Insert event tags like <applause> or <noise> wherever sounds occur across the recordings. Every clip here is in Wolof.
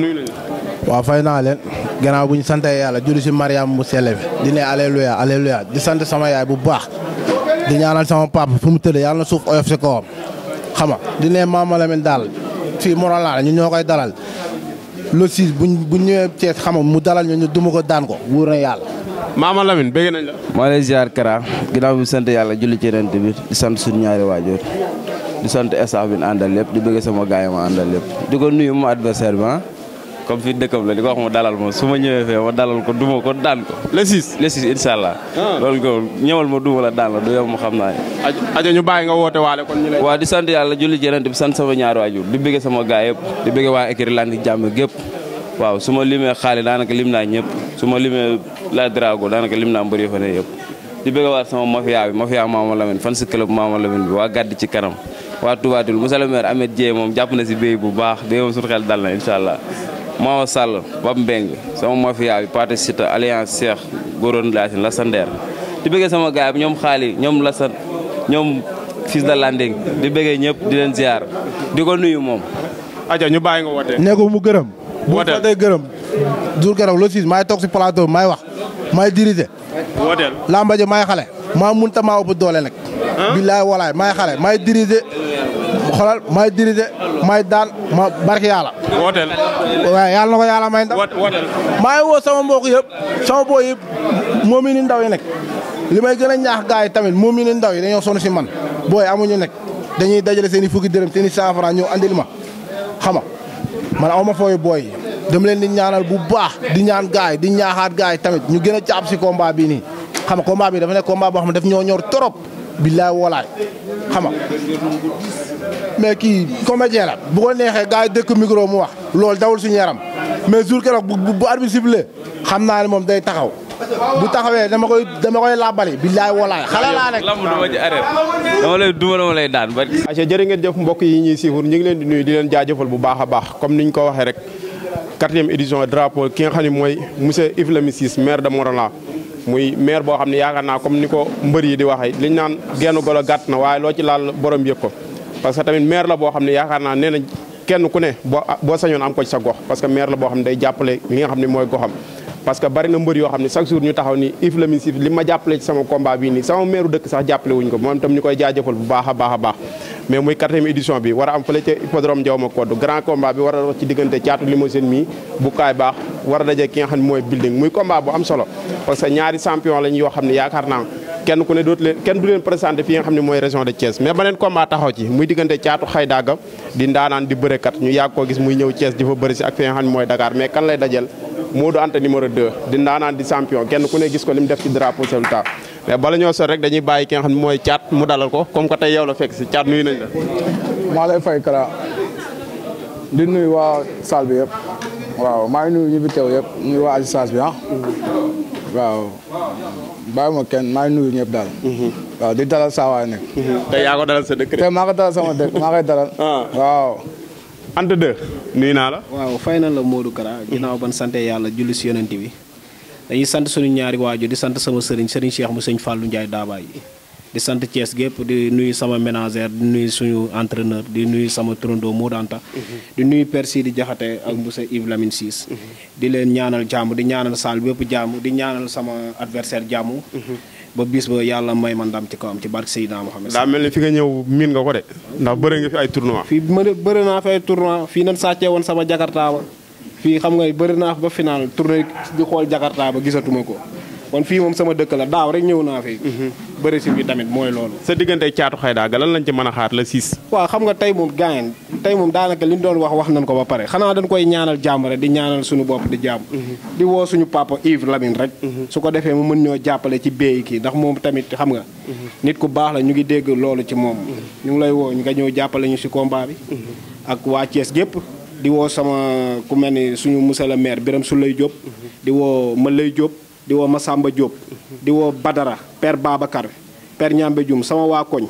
nuyu waaw fay naa leen gannaaw bu ñu sante yàlla julli si Mariam bu sell bi di ne alléluia alléluia di sant sama yaay bu baax di ñaanal sama papa fu mu tëddee yàlla na suuf oyof si kawam xam nga di ne Mama Lamine daal fi moral laa ñu ñoo koy dalal le six buñ buñ ñëwee xam mu dalal ñu duma ko daan ko wóor na yàlla. Mama Lamine bëgg nañ ginnaaw bi sant yàlla julli ci rent bi di sant suñu ñaari waajur di sant staff bi àndal lépp di bëgg sama gaay ma comme fi dëkkam la di ko wax mu dalal ma su ma ñëwee fee ma dalal ko duma ko daan ko le 6 le 6 incha allah ah. loolu ko ñëwal ma duma la daan la du yow ma xam naa ajo ñu bàyyi nga woote waale kon ñu lay waaw di sant yàlla julli jërënt bi sant sama ñaari waajur di bëgge sama gaay yëpp di bëgge waa écrit lan jàmm gépp waaw su ma limee xaali daanaka lim naa ñëpp su ma limee la drago daanaka lim naa mbëri fa ne yëpp di bëgg waat sama mafia bi mafia Maama Lamine fan si club Maama Lamine bi waa gàdd ci kanam waa Touba Toul monsieur le maire Ahmed Dieye moom jàpp na si béy bu baax dé moom suñu xel dal na allah Mama Sall Bab Mbeng sama mafia bi Pate Sita alliance Cheikh Góoroon Laasin Lassander di bëggee sama gaay ñoom xaali ñoom Lassan ñoom fils de Landing di bëggee ñëpp di leen ziar di ko nuyu moom. aja ñu bàyyi nga woote. ne ko mu gërëm. woote bu wootee gërëm. jour keroog le 6 maay toog si plateau bi wax maay diriger. wooteel làmbaje maay xale. maa munta maa ëpp doole nag. billaay walaay maay xale maay diriger. xoolal may dirige may daan ma barke yàlla. wooteel. waaw yàlla na ko yàlla may ndam. wooteel. maa woo sama mbokk yëpp sama booy yëpp moom mi ndaw yi nekk li may gën a ñaax gars yi tamit moom mi ni ndaw yi dañoo sonn si man booy amuñu nekk dañuy dajale seen i fukki dërëm seen i cent franc ñëw andil ma xam nga man a ma fooy booy yi leen di ñaanal bu baax di ñaan gars yi di ñaaxaat gars yi tamit ñu gën a caab si combat bi nii xam nga combat bi dafa nekk combat boo xam ne daf ñoo ñor trop. billaay walaay xam nga mais kii comédien a bu ko neexee gars dëkk micro mu wax lool dawul suñu yaram mais jour keroog bu bu arbitre sifflé xam naa ne moom day taxaw bu taxawee dama koy dama koy làbbali billaay walaay xale laa rek lamb duma ci arrêt dama lay duma dama lay daan bari aca jërë mbokk yi ñuy siifur ñu leen di nuyu di leen jaajëfal bu baax baax comme niñ ko waxee rek quatrième édition drapeau ki nga xam ne mooy monsieur Yves Lamine Ciss maire de Morolan muy maire boo xam ne yaakaar naa comme ni ko mbër yi di waxee liñ naan genn golo gàtt na waaye loo ci laal borom yëg ko parce que tamit maire la boo xam ne yaakaar naa nee na kenn ku ne boo boo sañoon am ko ci sa gox parce que maire la boo xam ne day jàppale li nga xam ne mooy goxam parce que bari na mbër yoo xam ne chaque jour ñu taxaw ni if la mi sif li ma jàppale sama combat bii nii sama meeru dëkk sax jàppale wuñ ko moom itam ñu koy jaajëfal bu baax a baax a baax mais muy quatrième édition bi war a am fële ca hippodrome Ndiaw ma grand combat bi war a wax ci diggante caatu limousine mi bu baax war a daje ki nga xam mooy building muy combat bu am solo parce que ñaari champion lañ yoo xam ne yaakaar naa kenn ku ne dootu leen kenn du leen présenté fi nga xam ne mooy région de Thiès mais beneen combat taxaw ci muy diggante caatu xaydaaga di ndaanaan di bërekat ñu yàgg koo gis muy ñëw Thiès di fa bëri si ak fi nga xam ne mooy Dakar mais kan lay dajel Modou Anta numéro 2 di ndaanaan di champion kenn ku ne gis ko li mu def ci drapeau Sélta mais bala ñoo sori rek dañuy bàyyi ki xam ne mooy caat mu dalal ko comme que tey yow la fekk si caat nuyu nañ la. di nuyu waa salle bi maa ngi ñu fi yëpp nuyu waa assistance bi ah waaw. bàyyi ma kenn maa ngi nuyu ñëpp daal. Mhm. waaw di dalal saa waay nag. Mhm. te yaa ko dalal sa dëkk de. te maa ko dalal sama dëkk maa koy dalal. Ah. waaw. Anta 2 nuyu naa la. waaw fay na la Modou Kara. Mhm. ginnaaw ban sante yàlla julli si yonent bi dañuy sant suñu ñaari waajur di sant sama sëriñ sëriñ Cheikh mu sëñ Fallou Ndiaye Daabaay yi di sant Thiès gépp di nuyu sama ménagère di nuyu suñu entreneur di nuyu sama turandoo Modou Anta mhm. di nuyu Père di Diakhaté ak monsieur Yves Lamine Ciss mhm. di leen ñaanal jàmm di ñaanal saal bépp jàmm di ñaanal sama adversaire jàmm mhm. ba bis ba yàlla may man ndam ci kawam ci barke xam ne saa mel ni fi nga ñëw miin nga ko de ndax bëri nga fi ay tournoi fii bëri naa fi ay tournoi fii nan sàccee woon sama jakarta ba fii xam nga bëri naa fi ba final tournoi di xool jakarta ba gisatuma ko kon fii moom sama dëkk la daaw rek ñëw naa fi. Mhm. bëri bi tamit mooy loolu. sa diggante caatu xaydaa ga lan lañ ci mën a xaar la siis. waa xam nga tey moom gaañen tey moom daanaka li ñu doon wax wax nañ ko ba pare xanaa dañ koy ñaanal jàmm di ñaanal suñu bopp di jàmm. Mhm. di woo suñu papa Yves Lamine rek. Mhm. su ko defee mu mën ñoo jàppale ci béy kii ndax moom tamit xam nga. nit ku baax la ñu ngi dégg loolu ci moom. ñu ngi lay woo nga ñëw jàppale ñu si combat ak waa Thiès gépp di woo sama ku mel ni suñu monsieur le maire Birame lay Diop. di woo ma lay Diop di woo Masamba Diop di woo Badara Père Babacar Père Ñambe Dioum sama waa koñ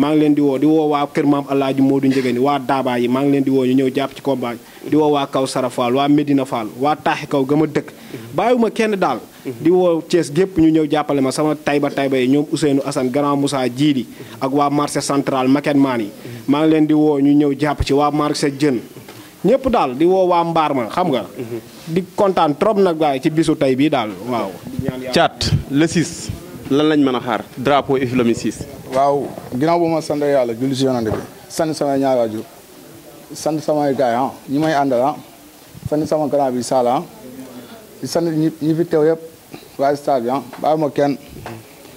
maa ngi leen di woo di woo waa kër maam moo Alaaji Moodu ni waa Daaba yi maa ngi leen di woo ñu ñëw jàpp ci combat di woo waa kaw Sara Fall waa Medina Fall waa taaxi kaw gama a dëkk bàyyiwuma kenn daal di woo Thiès gépp ñu ñëw jàppale ma sama tayba tayba yi ñoom Ousseynou Assane Grand Moussa Djili ak waa marché central Maket Maan yi maa ngi leen di woo ñu ñëw jàpp ci waa marché Jën ñëpp daal di woo waa mbaar ma xam nga. Mhm. di kontaan trop nag waaye ci bisu tey bii daal waaw. caat le 6 lan lañ mën a xaar drapeau Iflami 6. waaw ginnaaw bu ma sant yàlla julli si yonante bi sant sama ñaari waajur sant sama gaay ah ñi may àndal ah sant sama grand bi Saala ah, di ñi fi teew yëpp waa stade bi ah bàyyi ma kenn.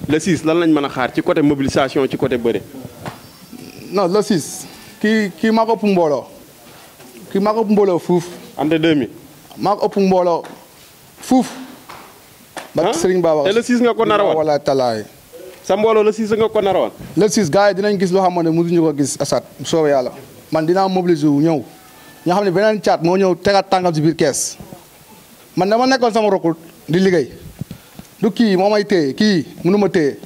le 6 lan lañ mën a xaar ci côté mobilisation ci côté bëre. non le 6 kii kii maa ko ëpp mbooloo. kii maa ko ëpp mbooloo fuuf. ante 2000. maa mbooloo fuuf. ba ah? Serigne Baba te le 6 nga ko narawoon wala talaay. sa mbooloo le 6 nga ko narawoon. le yi dinañ gis loo xam ne mënuñu ko gis asat bu soobee yàlla man dinaa mobiliser wu ñëw. ñoo xam ne beneen caat moo ñëw tegaat tàngam si biir kees man dama nekkoon sama rokul di liggéey du kii moo may téye kii mënu ma téye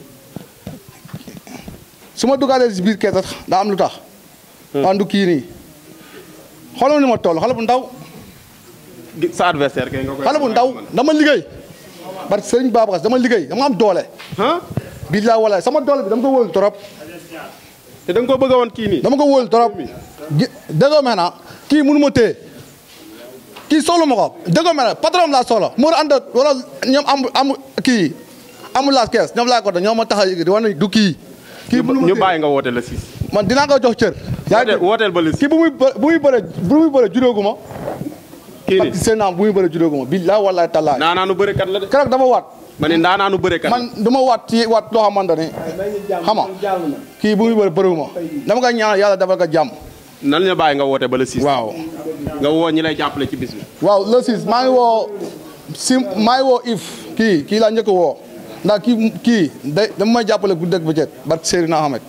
su ma duggaatee si biir kees daa am lu tax. waaw hmm. nii. xoolal ni ma tool xale bu ndaw. sa adversaire kay bu ndaw dama liggéey. parce que Serigne Babacar dama liggéey dama am doole. billaay walaay sama doole bi dama ko wóolu trop. te nga ko bëgg woon kii nii. dama ko wóolu trop. gi déggoo maintenant kii mënu ma téye kii soxla ma ko déggoo maintenant patron laa soxla. mu ànd wala ñoom am am kii amul laas kees ñoom laa ko doon ñoom ma tax a yëg di wane du kii. kii mënu ma nga woote la si. man dinaa ko jox cër. yaa ngi wooteel ba ki bu muy bë bu muy bëre bu muy bëre juróogu ma. kii nii seen naam bu muy bëre juróogu ma la de. keroog dafa waat. ma ne naanaanu bëre kat man du waat ti waat loo xamante ne. xam kii bu muy bëre bëriwu ma. dama koy ñaanal yàlla defal ko jàmm. nan la bàyyi nga woote ba le 6. waaw nga woo jàppale ci bis bi. waaw le 6 maa ngi woo maa ngi woo if kii kii laa njëkk woo ndax kii kii day dama may jàppale guddeeg bëccëg bat Serigne Ahmed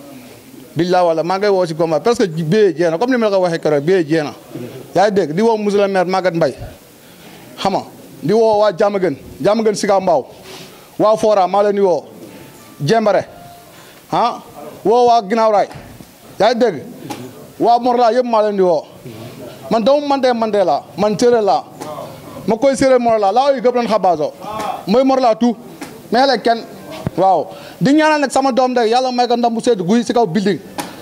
billaa wala maa ngay woo si combat parce que bee jeex na comme ni ma la ko waxee keroog bee jeex na yaa ngi dégg di woo monsieur le maire Maguette Mbaye xam nga di woo waa Diamaguène Diamaguène Sicap Mbao di woo Jembare ah woo waa Ginaaw Raay yaa ngi dégg waa Morla yëpp di woo man doomu Mandé Mandé laa man séeréer laa ma koy séeréer Morla laa ooy gëpp lan xabaaso mooy Morla tout mais xale kenn waaw di ñaanal nag sama doom day yàlla may ko ndam bu sedd guy si kaw building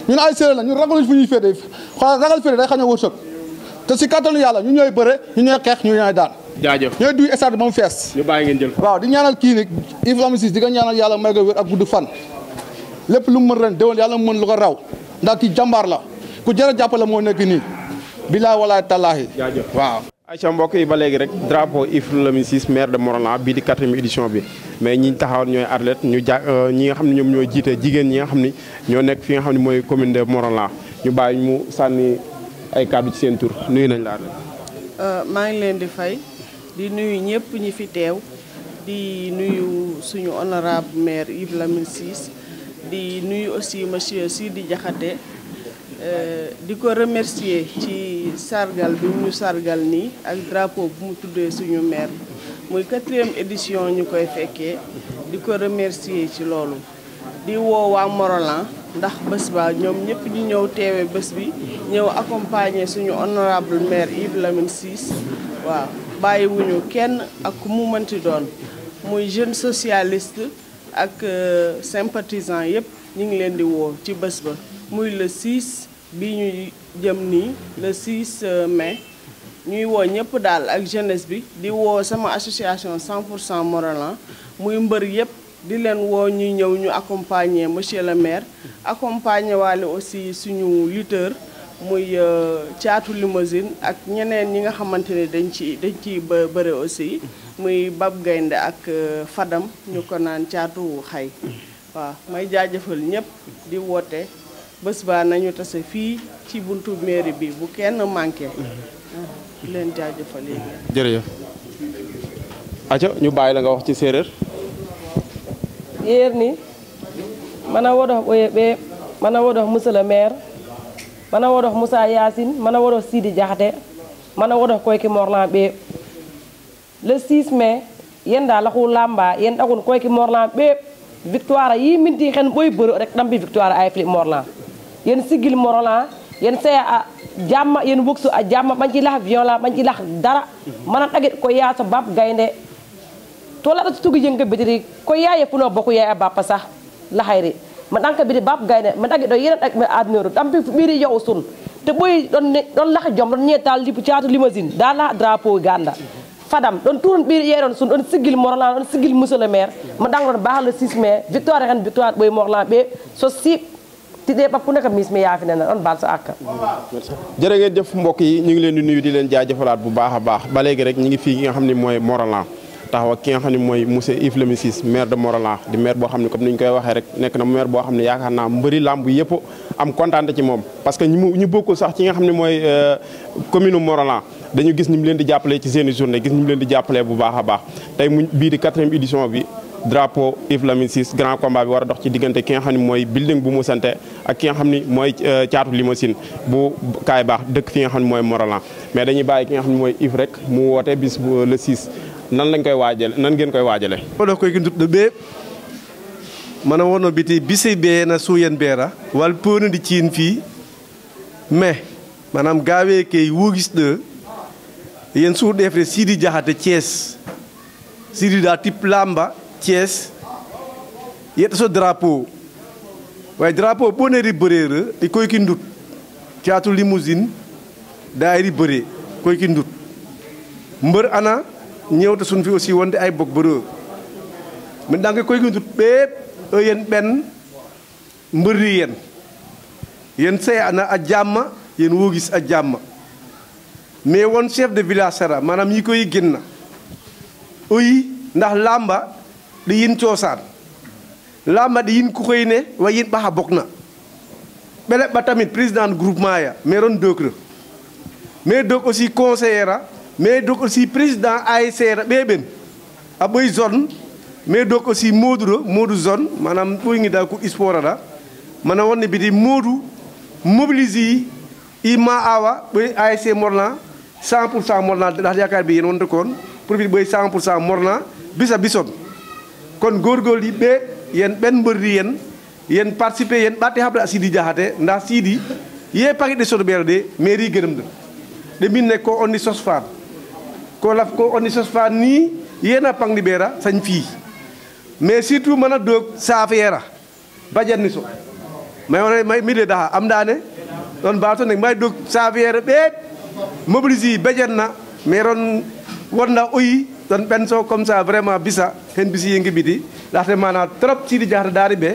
ñun ay séeréer la ñun ragaluñ fu ñuy féete xoolal ragal féete day xañ a wërsëg te si kattanu yàlla ñu ñooy bëre ñu ñooy xeex ñu ñooy daan jaajëf ñooy duy stade ba mu fees ñu bàyyi ngeen jël waaw di ñaanal kii nag Yves Lamine Ciss di ko ñaanal yàlla may ko wér ak gudd fan lépp lu mën ren déwén yàlla mu mën lu ko raw ndax kii jàmbaar la ku jërë jàppale moo nekk nii bilaay walaay tallaahi waaw ayca mbokk yi ba léegi rek drapeau Yves Lamine Ciss maire de Morolan bii di quatrième édition bi mais ñi taxawoon ñooy athlète euh, ñi xam ne ñoom ñooy jiite jigéen ñi nga xam ne ñoo nekk fi nga xam ne mooy commune de Morolan ñu bàyyi mu sànni ay kàddu ci seen tur nuyu nañ la athlète. Euh, maa ngi leen di fay di nuyu ñëpp ñi fi teew di nuyu suñu honorable maire Yves Lamine Ciss di nuyu aussi monsieur di Diakhaté Euh, di ko remercier ci sargal bi ñu sargal nii ak drapeau bu mu tuddee suñu maire muy quatrième édition ñu koy fekkee di ko remercier ci loolu di woo waa Morolan ndax bés ba ñoom ñëpp ñu ñëw teewe bés bi ñëw accompagner suñu honorable maire Yves Lamine Ciss waaw bàyyiwuñu kenn ak ku mu mënti doon muy jeune socialiste ak euh, sympathisant yëpp ñu ngi leen di woo ci bés ba muy le 6 bi ñu jëm nii le 6 euh, mais ñuy woo ñëpp daal ak jeunesse bi di woo sama association 100 pour cent Morolan muy mbër yëpp di leen woo ñuy ñëw ñu accompagner monsieur le maire accompagner waale aussi suñu lutteur muy caatu euh, limousine ak ñeneen ñi nga xamante ne dañ ci dañ ciy bëre aussi muy Bab Gaynde ak euh, Fadam ñu ko naan caatu xay waaw may jaajëfal ñëpp di woote bés ba nañu tase fii ci buntu mairie bi bu kenn manqué. di mhm. leen jërëjëf. aca ñu bàyyi la nga wax ci séeréer. yeerni mana woɗoh ɓoyeɓe mana woɗoh monsieur le maire mana woɗoh moussa yasine mana woɗoh sidi diahate mana woɗoh koyke morlan ɓe le 6 mai yenda lahu lamba yen ɗagun koyke morlan ɓe victoire a yiminti hen ɓoy bori rek ɗambi victoire afli morlan yen sigil morolan ah, yen saya a jamma yen woksu a jamma manci lah viola manci lah dara manan ɗagit ko yaaso bab gaynde to laɗa tutugi yenga bidiri ko yaye puno boko yaya bappa sa lahayri ma ɗanka bidi bab gayne ma ɗagi ɗo yena ɗag mi adnoru ɗampi ɓiri yaw sun te ɓoyi ɗon ɗon laha joom ɗon ñetal caatu limousine da laha drapeau ganda fadam ɗon turon ɓiri yeeron sun ɗon siggil morlan ɗon siggil monsieur le maire ma ɗang ɗon bahalo mai victoire hen victoire ɓoye morlan tidee ba ku nekk miis mi yaa ne na on baal sa àkk jërë jëf mbokk yi ñu ngi leen di nuyu di leen jaajëfalaat bu baax a baax ba léegi rek ñu ngi fii nga xam ne mooy Morolan taxaw ak ki nga xam ne mooy monsieur Yves Lamine di maire boo xam ne comme ni ñu koy waxee rek nekk na maire boo xam ne yaakaar naa mbëri làmb yëpp am kontaan ci moom parce que ñu ñu bokkul sax ci nga xam ne mooy euh, commune Morolan dañu gis ni mu leen di jàppalee ci seen i journée di jàppalee bu baax a baax tey mu bii bi drapeau Yves Lamine Ciss grand combat bi war a dox ci diggante ki nga xam ne mooy building bu mu sante ak ki nga xam ni mooy euh, caatu limousine bu kaay baax dëkk fi nga xam ne mooy Morolan mais dañuy bàyyi ki nga xam ne mooy Yves rek mu wootee bis euh, le 6 nan lañ koy waajale nan ngeen koy waajale oɗo koye gintuɗo ɓe mana wonno biti bise ɓe na suuyen beera wal ponudi ciin fii mais manam gawe ke wugis ɗo yen suuɗefre sidi jahate thies sidi da tip lamba Thiès yeɗɗo so drapeau way drapeau ɓoneri bereere e koyki ndut caatu limousine daayri bere koyki ndut mbeur ana ñewta sun fi aussi wonde ay bok bere min ɗanke koyki ndut ɓeep eyen ɓen mberri yen yen sey ana a jamma yen wogis a jamma mais won chef de village sara manam yi koyi ginna oyi ndax lamba ɗo yin coosaan laamade yin kukoyne wa yin ɓaha bokna ɓe leɓɓa tamit président groupement ya mairon dokre mais dok aussi conseillère a mais dok aussi président ascr a ɓeɓen a ɓoy zone mais dok aussi moduɗo modu zone manam ɓoyguida kuɗ sport aɗa mana wonde mbiti modu mobilise i ma awa ɓoy asc morlan 100 pour cent morlan ɗahat yakar mbi yen wonde kon pour mbiɗi ɓoy 100 pour cent morlan bisa bison kon góorgóorlu yi bee yen ɓen mbori yen yen participer yen ɓatte haɓre a siidi jahate nda siidi ye pagueɗe sotoɓeero de mairie gueɗem ɗo ɗe min ne ko onni sosfan ko laf ko onni sosfan ni yena pangɗi ɓeera sañ fii mais surtout mana doog saafeera bajanni so mayona mile daha amɗane ɗon mbato ne mbawi doog saafeere ɓeet mobilise bajanna mais ron wonda oyi tan soo comme ça vraiment bisa hen bisi yengi biti ndaxte maanaam trop Sidy Diakhaté daari be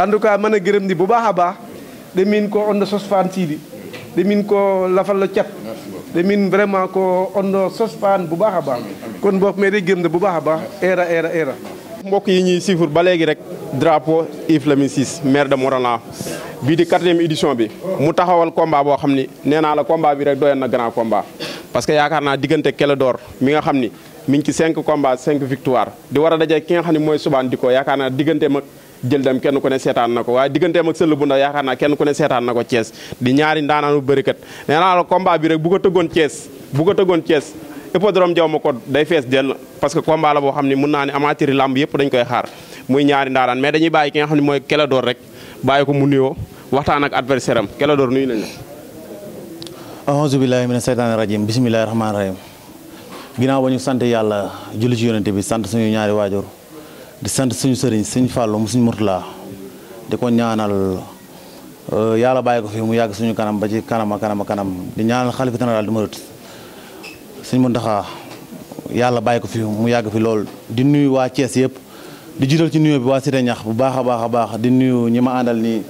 en tout cas mën a gërëm di bu baax a baax de min ko ondo sospaan Sidy de min ko lafal la cat de min ko ondo sospaan bu baax a baax kon boog mais day gërëm bu baax a baax era era era mbokk yi ñuy suivre ba léegi rek drapeau Yves Lamine Ciss maire de Morolan bii di quatrième édition bi mu taxawal combat boo xam ni nee naa la combat bi rek doyoon na grand combat parce que yaakaar naa diggante Clédor mi nga xam ni mi ngi ci cinq combats 5 victoire di war a dajee ki nga xam ne mooy subaan di ko yaakaar naa diggante mag jël dem kenn ku ne seetaan na ko waaye digganteem ak sëll bu ndaw yaakaar naa kenn ku ne seetaan na ko Thiès di ñaari ndaanaanu bërikat nee naa la combat bi rek bu ko tëggoon Thiès bu ko tëggoon Thiès hippodrome jaw ma ko day fees dell parce que combat la boo xam ne mun naa ne amateur yi làmb yëpp dañ koy xaar muy ñaari ndaanaan mais dañuy bàyyi ki nga xam ne mooy Kéledor rek bàyyi ko mu nuyoo waxtaan ak adversaire am Kéledor nuyu nañu la. auzu billaahi mina seytaani rajiim bismillaahi rahmaani rahiim. ginnaaw ba ñu sant yàlla julli ci yonente bi sant suñu ñaari waajur di sant suñu sëriñ suñu fàllu mu suñu murtala di ko ñaanal euh, yàlla bàyyi ko fi mu yàgg suñu kanam ba ci kanam a kanam a di ñaanal xalifa général di murit suñu Muntaxa yàlla bàyyi ko fi mu yàgg fi lool di nuyu waa cees yëpp di jiital ci nuyoo bi waa Cité ñax bu baax a baax a baax di nuyu ñi ma àndal nii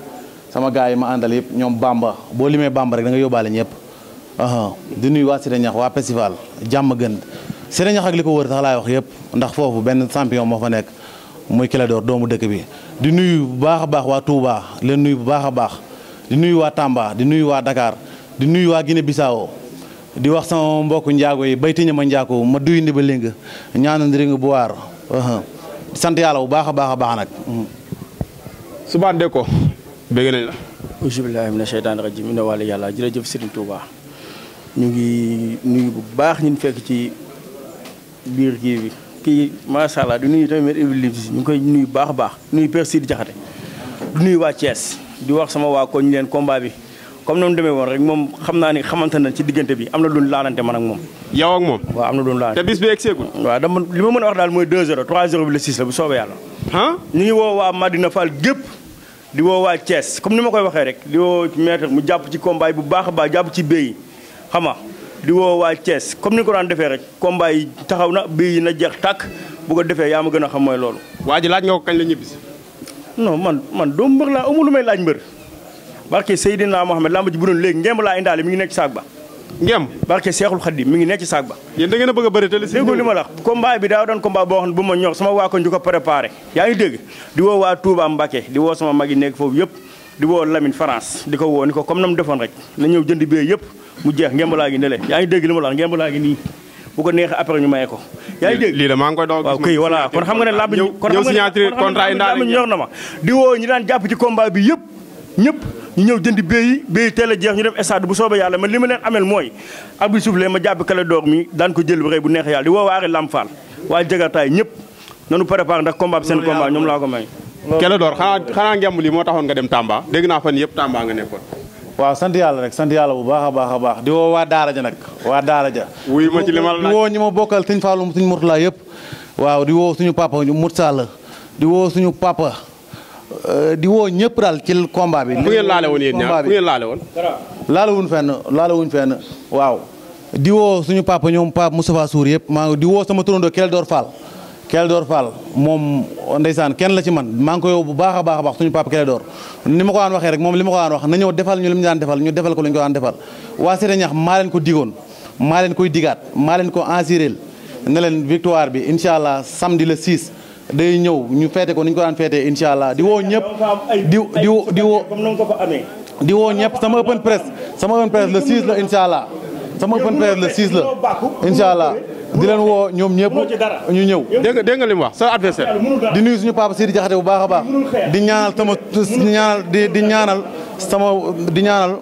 sama gaa yi ma àndal yëpp ñoom bàmba boo limee Bamba rek da nga yóbbaale ñëpp di nuyu waa Cité ñax waa Pesival jàmm gën Sénégal ak li ko wër sax laay wax yëpp ndax foofu benn champion moo fa nekk muy Clédor doomu dëkk bi di nuyu bu baax a baax waa Touba leen nuyu bu baax a baax di nuyu waa Tamba di nuyu waa dakaar di nuyu waa Guinée Bissau di wax sama mbokku njaago yi bayti ña ma njaago ma duy ndi ba léegi ñaanal ndiri bu waar uh-huh. sant yàlla bu baax a baax a baax nag. Uh-huh. subaan de ko bëgg nañ la. bismillaahi mina sheytaani rajiim bu baax ñu fekk ci. biir kii bi kii macha allah di nuyu tamit évilibsi ñu ngi koy nuyu baax a baax nuyu Père Sidi Diakhaté di nuyu waa Thiès di wax sama waa koñ leen combat bi comme noonu demee woon rek moom xam naa ni xamante na ci diggante bi am na doon laalante man ak moom yow moom waaw am na doon laalante te bis bi li ma mën a wax daal mooy 2 0 3 la bu soobee yàlla ah ñu ngi woo waa Madina Fall gépp di woo waa Thiès comme ni ma koy waxee rek di woo maître mu jàpp ci combat bu baax a baax jàpp ci béy xam nga di woo waa Thiès comme ni ko daan defee rek combat taxaw na bii na jeex tàkk bu ko defee yaa ma gën a xam mooy loolu. waa ji laaj nga ko kañ la ñibbisi. non man man doomu mbër laa amul lu may laaj mbër. barke Seydina Mohamed làmb ji bu doon léegi ngemb laa indaale mi ngi nekk ci saag ba. ngemb barke Seexul Xaddim mi ngi nekk ci saag ba. yéen da ngeen a bëgg a bëri te li si. li ma la combat bi daa doon combat boo xam ne bu ma ñor sama waa ko ñu ko yaa ngi dégg di woo waa mbake Mbacké di woo sama mag yi nekk foofu yëpp di woo lamin France di ko woo ko comme na mu defoon rek na ñëw jënd bee yëpp mu jeex ngembalaa laa ne le yaa ngi dégg li ma la wax ngembalaa gi nii bu ko neexee après ñu maye ko yaa ngi waaw kay voilà kon xam nga ne ah, làmb kon xam nga ne làmb ñor na ma yëpp ñëpp ñu ñëw jënd béy béy teel a jeex ñu dem stade bu soobee yàlla man li ma leen ameel mooy abdou soufle ma jàpp kale mi daan ko jël bu rëy bu neexee yàlla di woo waare lamb faal waa jagataay ñëpp nanu préparé ndax combat bi seen combat ñoom laa ko may kele door xanaa xanaa ngemb lii moo taxoon nga dem Tamba dégg naa fan yëpp Tamba nga nekkoon waaw sant yàlla rek sant yàlla bu baax a baax a baax di woo waa daara ja nag waa daara ja wuy ma ci li ma la di woo ñi ma bokkal sëñ Fallou sëñ Mourtala yëpp waaw di woo suñu papa Mout Sall di woo suñu papa euh, di woo ñëpp daal ci combat bi. bu ngeen laale woon yéen ñaar bu ngeen laale woon. laale wuñ fenn laale maa ngi sama turandoo Kelle Dor Fall. Clédor Fall moom ndeysaan kenn la ci man maa ngi ko yow bu baax a baax a baax suñu papa Clédor ma ko waxee rek moom li ma ko daan wax na ñëw defal ñu li mu daan defal ñu defal ko lu ñu ko daan defal waa Séré ñax maa leen ko digoon maa leen koy digaat maa leen ko assuréel ne leen victoire bi incha allah samedi le 6 day ñëw ñu feete ko ni ñu ko daan feetee incha allah di woo ñëpp di di di woo di woo ñëpp sama open presse sama open presse le 6 la incha la incha di leen woo ñoom ñëpp ñu ñëw dégg dégg nga li mu wax sa adversaire di nuyu suñu papa Sidi Jaxate bu baax a baax di ñaanal sama ñaanal di di ñaanal sama di ñaanal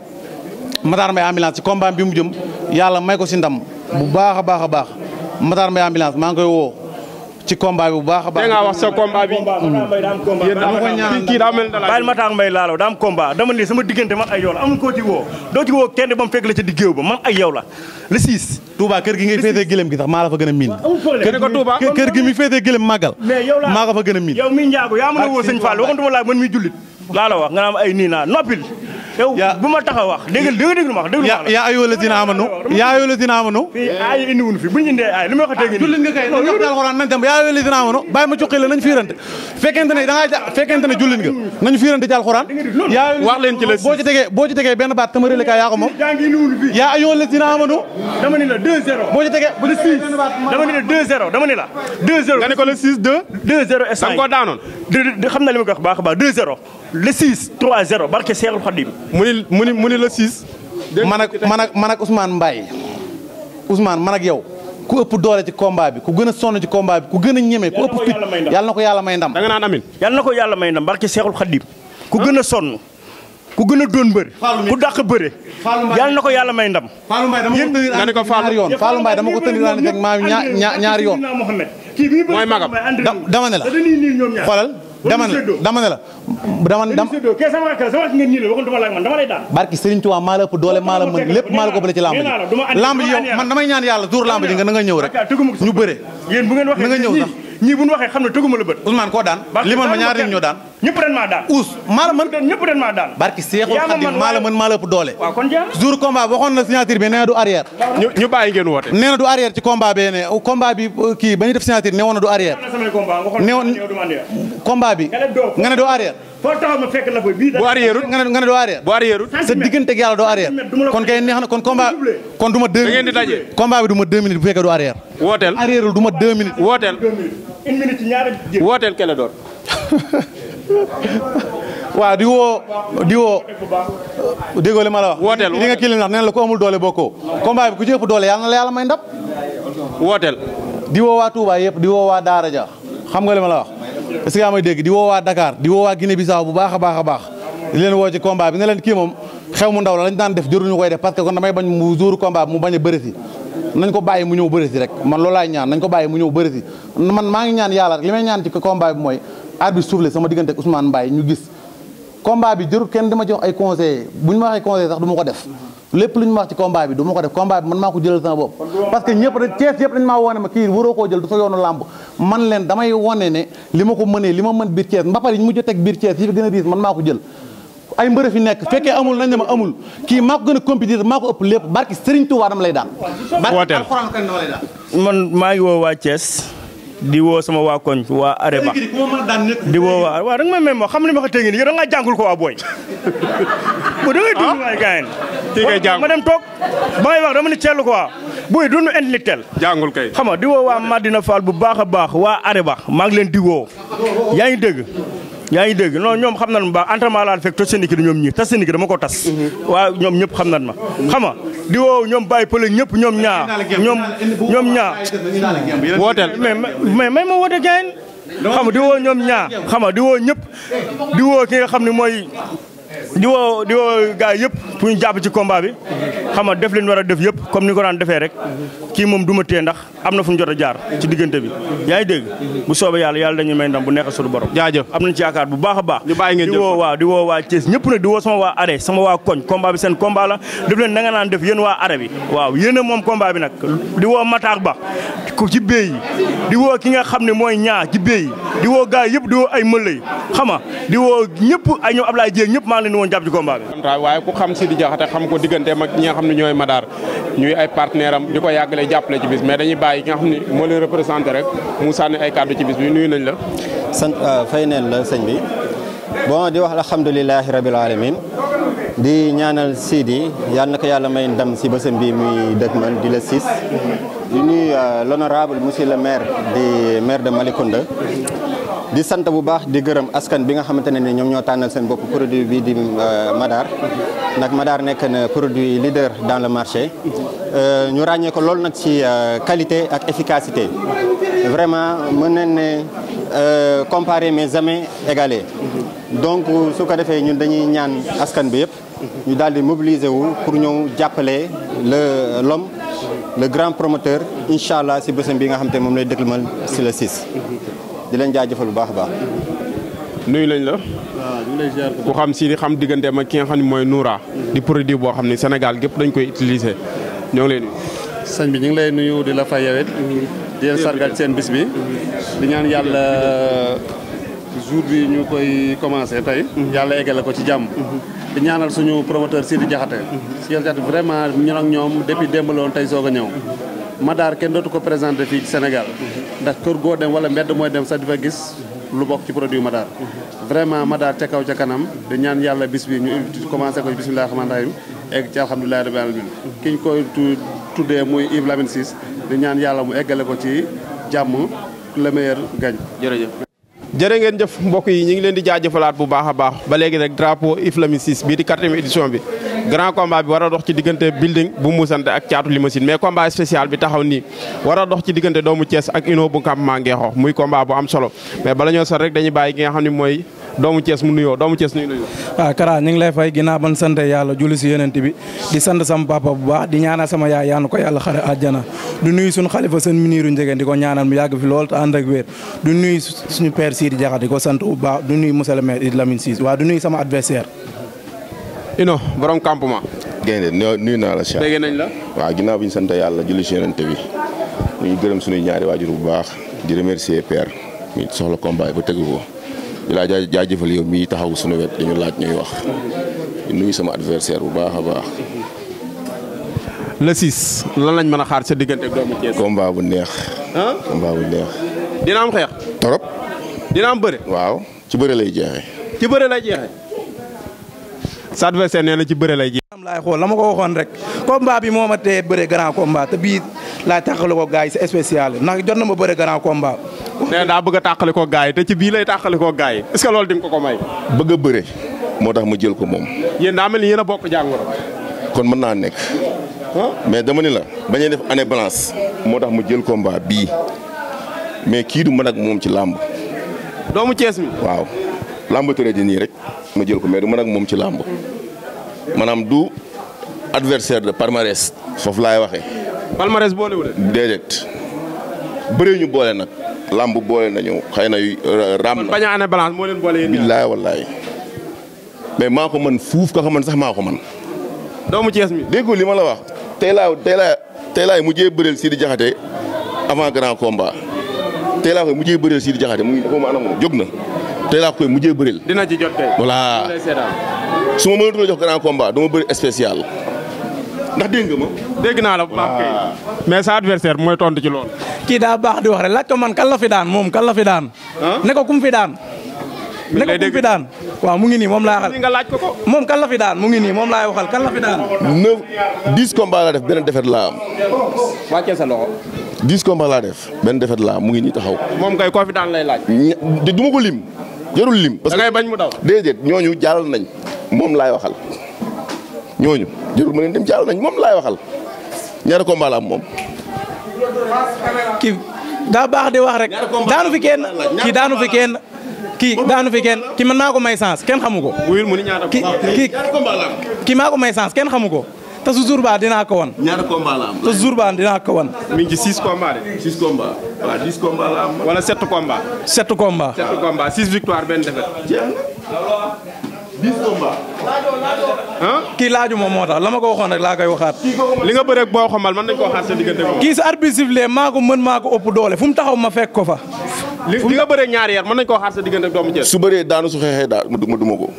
Matar Mbaye ambulance ci combat bi mu jëm yàlla may ko si ndam bu baax a baax a baax Matar Mbaye ambulance maa ngi koy woo ci combat bi bu baax a baax. da ngaa wax sa combat bi. yéen daa mel ni kii daa mel ni Baye Matar Mbaye laalaw daa am combat dama ni sama diggante man ay yow la amul koo ci woo doo ci woo kenn ba mu fekk la ca diggéew ba man ay yow la le 6. Touba kër gi ngay féetee gëlëm gi sax maa la fa gën a miin. kër gi mi féetee gëlëm màggal. maa ko fa gën a miin. yow mi njaago yaa mën a woo sëñ Fall waxantuma laa man mi jullit laa la wax nga naan ay nii naa noppil yow bu ma tax a wax dégg nga dégg nga ma wax dégg nga ma wax. yaa ayyuhal lazina amanu yaa ayyuhal lazina amanu. fii aay indi wuñu fi bu ñu indee aay li ma wax dégg nga. jullit nga kay li nga wax daal xoraan nañ dem yaa ayyuhal lazina amanu bàyyi ma cuqi la nañ fiirante fekkente ne da ngaa ja fekkente ne jullit nga nañu fiirante ci alxuraan. wax leen ci la boo ci tegee boo ci tegee benn baat tamit relais yaa ko moom. yaa ayyuhal lazina amanu. dama ni la 2-0. boo ci tegee le 6 dama ni la 2-0 dama ni la 2-0. nga ne ko le 6 2. 2-0 instant yi da nga koo daanoon de xam na li ma ko wax baax a baax 2 0 le 6 3 0 barke Seexul Xadim. mu ni mu ni mu ni le 6. man ak man ak man ak Ousmane Mbaye Ousmane man ak yow. ku ëpp doole ci combat bi ku gën a sonn ci combat bi ku gën a ñeme ku ëpp fit yàlla na ko yàlla may ndam. da nga naan amin yàlla na ko yàlla may ndam barke Seexul Xadim ku gën a sonn. ku gën a doon bëri ku dàq bëre yàlla na ko yàlla may ndam Fallou dama ko tënir nga ne ko yoon dama ko tënir dama ne la xoolal dama ne dama ne la dama dama barki Serigne Touba maa la ëpp doole maa mën lépp maa la ko bële ci lamb ji lamb ji yow man damay ñaan yàlla tuur lamb ji nga na ñëw rek ñu bëre na ñëw sax ñii bu ñu waxee xam ne tëgguma la bët Ousmane koo daan limoon ma ñaari ñoo daan ñëpp ren mën barki Seexul Xadim maa mën maa la doole waaw kon jeex waxoon na signature bi nee du arrière ñu bàyyi ngeen woote nee du arrière ci combat bi nga ne doo arrière bu arrière nga nga ne doo arrière sa diggante ak yàlla doo arrière kon kay neex na kon combat kon du ma deux bi du ma deux bu fekkee doo arrière wooteel arrière du ma deux minutes une minute ñaari <laughs> di woo woo déggoo li ma la wax. wooteel li nga kii ndax nee la ko amul doole bokkoo. combat bi ku ci ëpp doole yàlla na la yàlla may ndab. wooteel. di woo waa Touba yëpp di woo Daara ja xam nga li ma la wax est-ce que yaa dégg di woo waa Dakar di woo bu baax a baax a baax di leen woo ci combat bi ne leen kii moom xew mu ndaw la lañ daan def jëruñu koy def parce que kon damay bañ mu jour combat mu bañ a bëri si nañ ko bàyyi mu ñëw bërësi rek man loolaay ñaan nañ ko bàyyi mu ñëw bërësi man maa ngi ñaan yàlla rek li may ñaan ci combat bi mooy arbitre soufflé sama diggante ak Ousmane Mbaye ñu gis combat bi jox ay conseil bu ñu ma waxee conseil sax du ma ko def lépp lu ñu ma wax ci combat bi ko def combat man maa ko jëlal sama bopp parce que ñëpp dañ Cees yëpp dañ maa wone ma kii waroo koo jël du yoonu làmb man leen damay wone ne li ma ko mënee li ma mën biir Cees mbappar yi ñu mujj teg biir Cees yi fi gën a diis man maa ko jël ay mbërë fi nekk fekkee amul nañ ne ma amul kii maa ko gën a compétir maa ëpp lépp barki Serigne Touba dama lay daan. barki alxuraan man maa ngi woo waa Thiès di woo sama waa koñ waa Areba di woo waa waaw ma may moo xam ne ma ko tëngi nii yow da nga jàngul ko waa booy. <laughs> bu dangay dund ah? waay gaayen kii ngay jàng ma dem toog ba ngay wax dama ne ceelu quoi jàngul kay xam nga di woo waa Madina Fall bu baax a baax waa Areba maa ngi leen di woo yaa ngi yaa ngi dégg non ñoom xam nañ ma baax entraînement laa fekk tos seen ñoom ñii tas seen équipe dama ko tas mm-hmm. ñoom ñëpp xam nañ ma xam nga di woo ñoom bàyyi pële ñëpp ñoom ñaa ñoom ñoom ñaa wooteel mais may ma woote gayen xam nga di woo ñoom ñaa xam nga di woo ñëpp di woo ki nga xam ne mooy di woo di woo gars yëpp pour ñu jàpp ci combat bi def li war a def yëpp comme ni ko daan defee rek kii moom du ma téye ndax am na fu ñu jot a jaar ci diggante bi yaa ngi dégg bu soobee yàlla yàlla dañu may ndam bu neex a suñu borom jaajëf am nañ ci yaakaar bu baax a baax di woo waaw di woo waa Thiès ñëpp nag di sama waa arrêt sama waa koñ combat seen combat def leen na nga naan def yéen waa arrêt bi waaw yéen a moom combat bi nag di woo Ba ci béy di ki nga xam ne mooy ñaa ci béy di di woo ay mëlay di woo ñëpp ay ñoom Ablaye Dieng ñëpp maa ngi leen woon jàpp ci combat bi. waaye ku xam Sidi Diakhaté xam ko digganteem ak ñi nga xam ne ñooy Madaar ñuy ay partenaire am di ko yàggalee jàppale ci bis mais dañuy bàyyi ki nga xam ne moo leen représenté rek mu sànni ay kàddu ci bis bi nuyu nañ la. sant euh, fay neen sëñ bi bon di wax alhamdulilahi rabil alamin di ñaanal Sidi yal na ko yàlla may ndam si ba bësam bi muy dëgmal di la siis di nuyu euh, l'honorable monsieur le maire di maire de Malicounda di sant bu baax di gërëm askan bi nga xamante ne ni ñoom ñoo tànnal seen bopp produit bii di euh, Madaar ndax Madaar nekk na produit leader dans le marché euh, ñu ràññee ko loolu nag ci euh, qualité ak efficacité vraiment mën nañ ne comparer mais jamais égalé donc su ko defee ñun dañuy ñaan askan bi yëpp ñu daal di mobiliser wu pour ñëw jàppale le l'homme le grand promoteur incha allah si bésam bi nga xam te moom lay mal si le 6 di leen jaajëfal bu baax a baax. nuyu lañ la. ku xam si di xam digganteem ma ki nga xam mooy Noura. di produit boo xam ne Sénégal gépp dañ koy utiliser ñoo ngi lay sëñ bi ñu ngi lay nuyu di la fay yowet mm-hmm. di leen sargal seen bis bi. Mm-hmm. di ñaan yàlla jour bi ñu koy commencé tey. Mm-hmm. yàlla eggale ko ci jàmm. di ñaanal suñu promoteur Sidi Diakhaté. Sidi Diakhaté vraiment ñun ak ñoom depuis démb loon tey soog a ñëw. Madaar kenn dootu ko présenté fii Sénégal ndax kër goo dem wala mbedd mooy dem sax di fa gis lu bokk ci produit Madaar vraiment Madaar ca kaw ca kanam da ñaan yàlla bis bi ñu commencé ko ci bisimilah rahmaani rahim egg ci alhamdulilahi rabbil alamin ki ñu koy tuddee muy Yves Lamine Ciss di ñaan yàlla mu eggale ko ci jàmm le meilleur gagne jërëjëf ngeen jëf mbokk yi ñu ngi leen di jaajëfalaat bu baax a baax ba léegi rek drapeau Yves Lamine Ciss bii di quatrième édition bi grand combat bi war a dox ci diggante building bu muusante ak caatu limousine mais combat spécial bi taxaw nii war a dox ci diggante doomu Thiès ak Ino bu campement Ngeexoo muy combat bu am solo mais bala ñoo rek dañuy bàyyi ki nga xam ne mooy doomu Thiès mu nuyoo doomu Thiès nuyu nuyoo. Ah, waaw Kara ñu ngi lay fay ginnaaw ban sant yàlla julli si yonent bi di sant sama papa bu baax di ñaanal sama yaay ko yàlla xare àjjana du nuyu suñu xalifa seen miniiru ko ñaanal mu yàgg lool te ànd ak wér du nuyu suñu père Sidi Diakha di ko Ino borom campement. gaynde nuyu naa la. dégg nañ la. waaw ginnaaw bi ñu sant yàlla julli si Yonent bi ñu gërëm suñuy ñaari waajur bu baax di remercier père mi soxla combat yi ba tegu ko di laa jaajëfal yow mii taxaw suñu wet dañu laaj ñuy wax nuyu sama adversaire bu baax a baax. le 6 lan lañ mën a xaar sa diggante ak doomu Thiès. combat bu neex. ah bu neex. dina am xeex. torop. dina am bëre. waaw ci bëre lay jeexee. ci bëre lay jeexee. sa adversaire nee na ci bëre lay ji. am laay xool la ma ko waxoon rek combat bi moo ma tee bëre grand combat te bii laa tàqale ko gars yi c'est spécial ndax jot na ma bëre grand combat. nee daa bëgg a tàqale ko gars yi te ci bii lay tàqale ko gars yi est loolu di ko ko may. bëgg a bëre moo tax mu jël ko moom. yéen daa mel ni yéen a bokk jàngoro. kon mën naa nekk. mais dama ni la bañee def année balance moo tax mu jël combat bii mais kii du mën ak moom ci làmb. doomu Cees waaw. làmb tëree ji nii rek ma jël ko mais du man ak moom ci làmb maanaam du adversaire de palmarès foofu laay waxee. palmarès boolewul déedéet bëree ñu boole nag. làmb boole nañu xëy na raam na kon bañ a ane balance moo leen boole yéen billaay wallaay mais maa ko mën fuuf ka ko mën sax maa ko man doomu Cees mi déggu li ma la wax. tey laa tey laa tey laay mujjee sii di Diakhaté avant grand combat tey laa koy mujjee bëreel Sidi Diakhaté mu ngi ko ma anam jóg na. tey laa koy mujjee bëril. dina ci jot kay. voilà su ma mënatu la jox grand combat dama bëri spécial. ndax dégg nga ma. dégg naa la bu baax kay. sa adversaire mooy tontu ci loolu. kii daa baax di wax rek laaj ko man kan la fi daan moom kan la fi daan. ne ko kum fi daan. ne ko kum daan. waaw mu ngi nii moom laa waxal nga laaj moom kan la fi daan mu ngi nii moom laay waxal kan la fi daan. neuf dix laa def benn defet laa am. wàccee sa loxo. dix combats laa def benn defet laa mu ngi nii taxaw. moom kay koo fi daan lay laaj. du ma ko lim. jarul lim. parce que da ngay bañ mu daw. déedéet ñooñu jàll nañ moom laay waxal ñooñu jarul ma leen dem jàll nañ moom laay waxal ñaari ko la am moom. kii daa baax de wax rek. daanu fi kenn kii daanu fi kenn. kii daanu fi kenn kii man maa ko may sens kenn xamu ko. wuyul mu kii maa ko may sens kenn xamu ko. te su jour ba dinaa ko wan. ñaata combat la am. te su dinaa ko wan. mi ngi ci six combats de. six combats waaw dix combats la am. kii laaju moo tax la ma ko waxoon rek laa koy waxaat. li nga bëreeg boo xamal man nañu koo xaar sa diggante moom. kii sa arbitre sifflé maa ko mën maa ëpp doole fu mu taxaw ma fekk ko fa. li nga bëree ñaar yar mën nañu koo xaar sa diggante doomu Thiès. su bëree daanu su xeexee daal ma duma ko.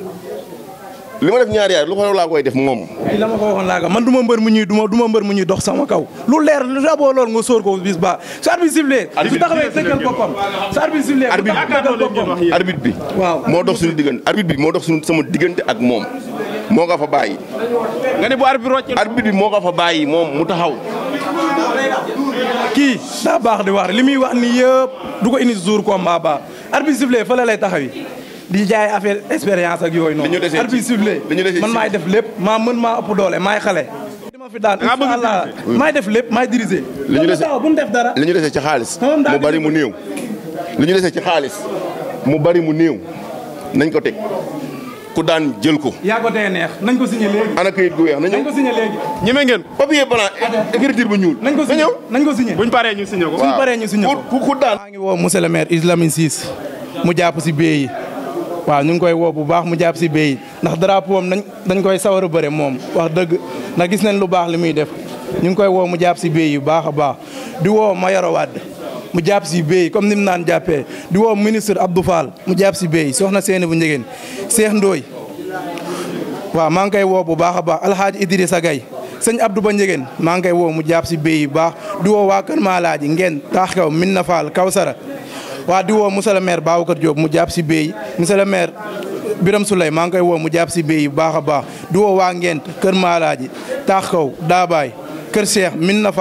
li ma def ñaari yaay lu ko laa koy def moom. la ma ko waxoon laa ko man du ma mbër mu ñuy du ma du mbër mu ñuy dox sama kaw. lu leer lu raboo lool nga sóor ko bis ba su arbitre sifflé. su taxawee dëggal boppam su arbitre sifflé. arbitre bi waaw moo dox suñu diggante arbitre bi moo dox suñu sama diggante ak moom moo ko fa bàyyi. nga ne bu arbitre rocc. arbitre bi moo ko fa bàyyi moom mu taxaw. kii daa baax di wax li muy wax ni yëpp du ko indi jour combat ba arbitre sifflé fa la lay taxawi di jaay affaire expérience ak yooyu noonu. arbitre sifflé man maay def lépp maa mën maa ëpp doole maay xale. dama fi daan incha allah maay def lépp maay diriger. li ñu dese bu ñu def dara. li ñu dese ci xaalis. mu bari mu néew. li ñu dese ci xaalis mu bari mu néew nañ ko teg. ku daan jël ko. yaa ko tee neex nañ ko signé léegi. ana kayit gu weex nañ ko signé léegi. ñeme ngeen papier blanc écriture bu ñuul. nañ ko signé nañ ko signé. buñ paree ñu signé ko. buñ paree ñu signé ko ku ku daan. maa ngi woo monsieur le maire Islamine Ciss mu jàpp si yi. waaw ñu ngi koy woo bu baax mu jàpp si béy ndax drapeau am dañ koy sawar a bëre moom wax dëgg ndax gis nañ lu baax li muy def ñu ngi koy woo mu jàpp si béy yu baax a baax di woo Mayoro Wade mu jàpp si béy comme ni mu naan jàppee di woo ministre Abdou Fall mu jàpp si béy soxna seeni bu njegéen Cheikh Ndoye waaw maa ngi koy woo bu baax a baax alxaaji Idrissa Gaye sëñ Abdou Ba Njëgeen maa ngi koy woo mu jàpp si béy baax di woo waa Kër ngeen taax kaw min na Fall Kawsara waa di woo mu le maire Babacar Diop mu jàpp si béy monsieur le maire Birame maa ngi koy woo mu jàpp si béy bu baax a baax di woo waa Ngent Kër Maalaaji Taxaw Daabaay Kër Cheikh Min na